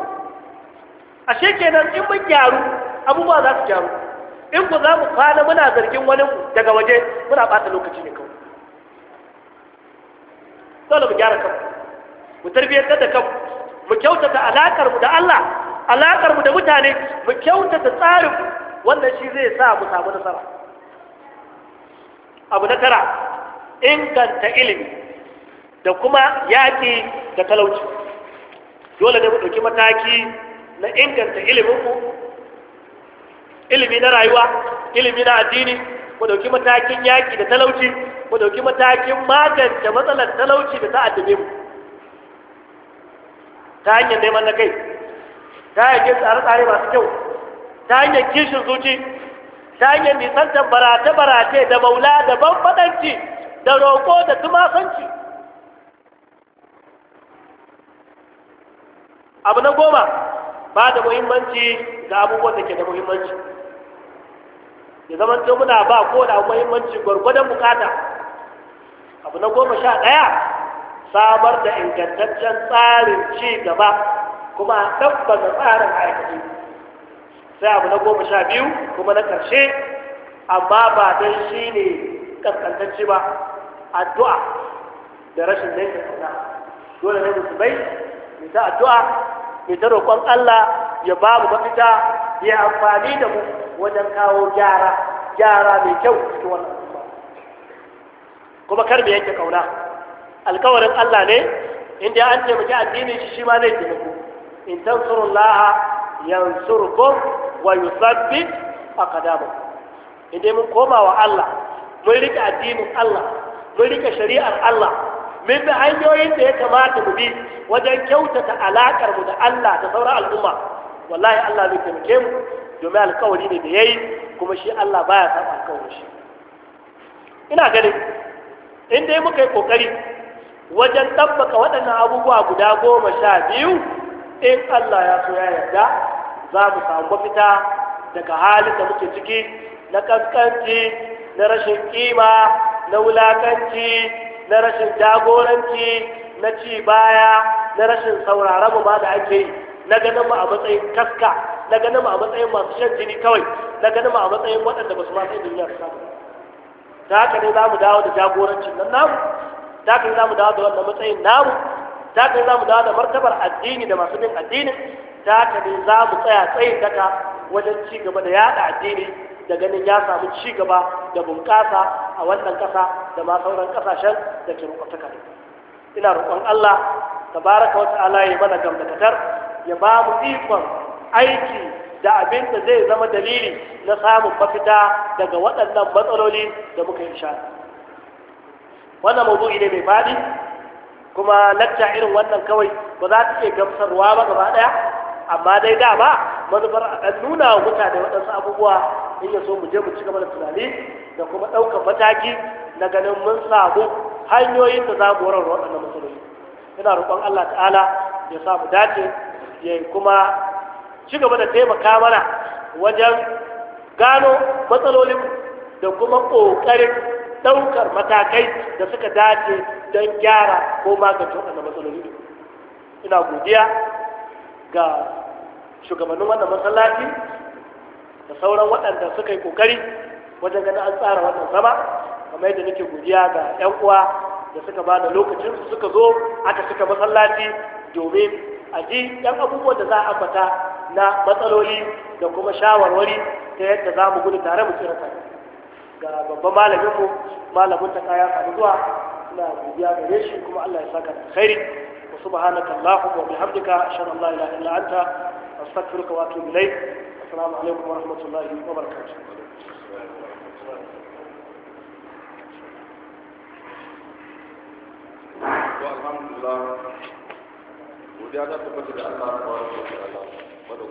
ashe kenan in mun gyaru abubuwa za su gyaru in ku za mu kwana muna zargin wani daga waje muna ɓata lokaci ne kawai dole mu gyara kanmu mu tarbiyyar da kanmu mu kyautata alakar mu da Allah alakar mu da mutane mu kyautata tsarin wannan shi zai sa mu samu nasara abu na tara inganta ilimi da kuma yaƙi da talauci dole ne mu ɗauki mataki na inganta ilimin ku ilimi na rayuwa ilimi na addini mu dauki matakin yaki da talauci mu dauki matakin magance matsalar talauci da ta addabe mu ta hanyar neman na kai ta hanyar tsare-tsare masu kyau ta hanyar kishin zuci ta hanyar nisantar barate-barate da maula da banfadanci da roƙo da tumasanci abu na goma ba da muhimmanci ga abubuwan da ke da muhimmanci ya zama to muna ba ko da muhimmanci gwargwadon bukata abu na goma sha ɗaya samar da ingantaccen tsarin ci gaba kuma a tabbata tsarin aikaci sai abu na goma sha biyu kuma na ƙarshe amma ba don shi ne ƙasƙantacci ba addu'a da rashin laifin kuna dole ne musulmai mai ta addu'a mai ta roƙon Allah ya ba mu mafita ya amfani da mu wajen kawo gyara gyara mai kyau cikin wannan al'umma kuma kar mu yanke kauna alkawarin Allah ne inda an taimaki addinin shi shi ma zai taimako in tansurullaha yansurkum wa yuthabbit aqdamakum idan mun koma wa Allah mun rike addinin Allah mun rike shari'ar Allah min bi hanyoyin da ya kamata mu bi wajen kyautata alakar mu da Allah da sauran al'umma wallahi Allah zai taimake mu domin alkawari ne da yayi kuma shi Allah baya saba alkawarin shi ina ganin in dai muka yi kokari wajen tabbaka waɗannan abubuwa guda goma sha biyu in Allah ya so ya yarda za mu samu mafita daga halin da muke ciki na kaskanci na rashin kima na wulakanci na rashin jagoranci na ci baya na rashin sauraron ba da ake yi na ganin ma a matsayin kaska na ganin ma a matsayin masu shan jini kawai na ganin ma a matsayin waɗanda ba su ma sai duniya su ta haka ne za mu dawo da jagorancin nan namu ta haka ne za mu dawo da wannan matsayin namu ta haka ne za mu dawo da martabar addini da masu bin addinin ta haka ne za mu tsaya tsayin daka wajen ci gaba da yada addini da ganin ya samu ci gaba da bunƙasa a wannan ƙasa da ma sauran ƙasashen da ke rukwata kare ina roƙon Allah tabaraka wa ta'ala ya mana gamdakatar ya ba mu ikon aiki da abin da zai zama dalili na samun mafita daga waɗannan matsaloli da muka yi sha wannan mabu ne mai faɗi kuma lacca irin wannan kawai ba za ta iya gamsarwa ba gaba ɗaya amma dai da ba manufar a ɗan nuna wa mutane waɗansu abubuwa in ya so mu je mu ci gaba da tunani da kuma ɗaukar mataki na ganin mun samu hanyoyin da za mu warar waɗannan matsaloli ina roƙon Allah ta'ala ya mu dace ya kuma ci gaba da taimaka mana wajen gano matsalolin da kuma ƙoƙarin ɗaukar matakai da suka dace don gyara ko magance waɗannan matsaloli ina godiya ga shugabannin wannan masallaci da sauran waɗanda suka yi ƙoƙari wajen ganin an tsara wannan zama kamar yadda nake godiya ga 'yan uwa da suka ba da lokacinsu suka zo aka suka masallaci domin a ji ɗan abubuwan da za a fata na matsaloli da kuma shawarwari ta yadda za mu gudu tare mu tsira tare ga babban malaminmu malamin ta kaya zuwa, suna bibiya gare shi kuma Allah ya saka da khairi wa subhanaka allahumma wa bihamdika ashhadu an la ilaha illa anta astaghfiruka wa atubu ilayk assalamu alaikum wa rahmatullahi wa barakatuh godiya ta tabbata da Allah ta wani wata ala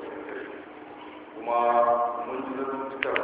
kuma mun ji zartukan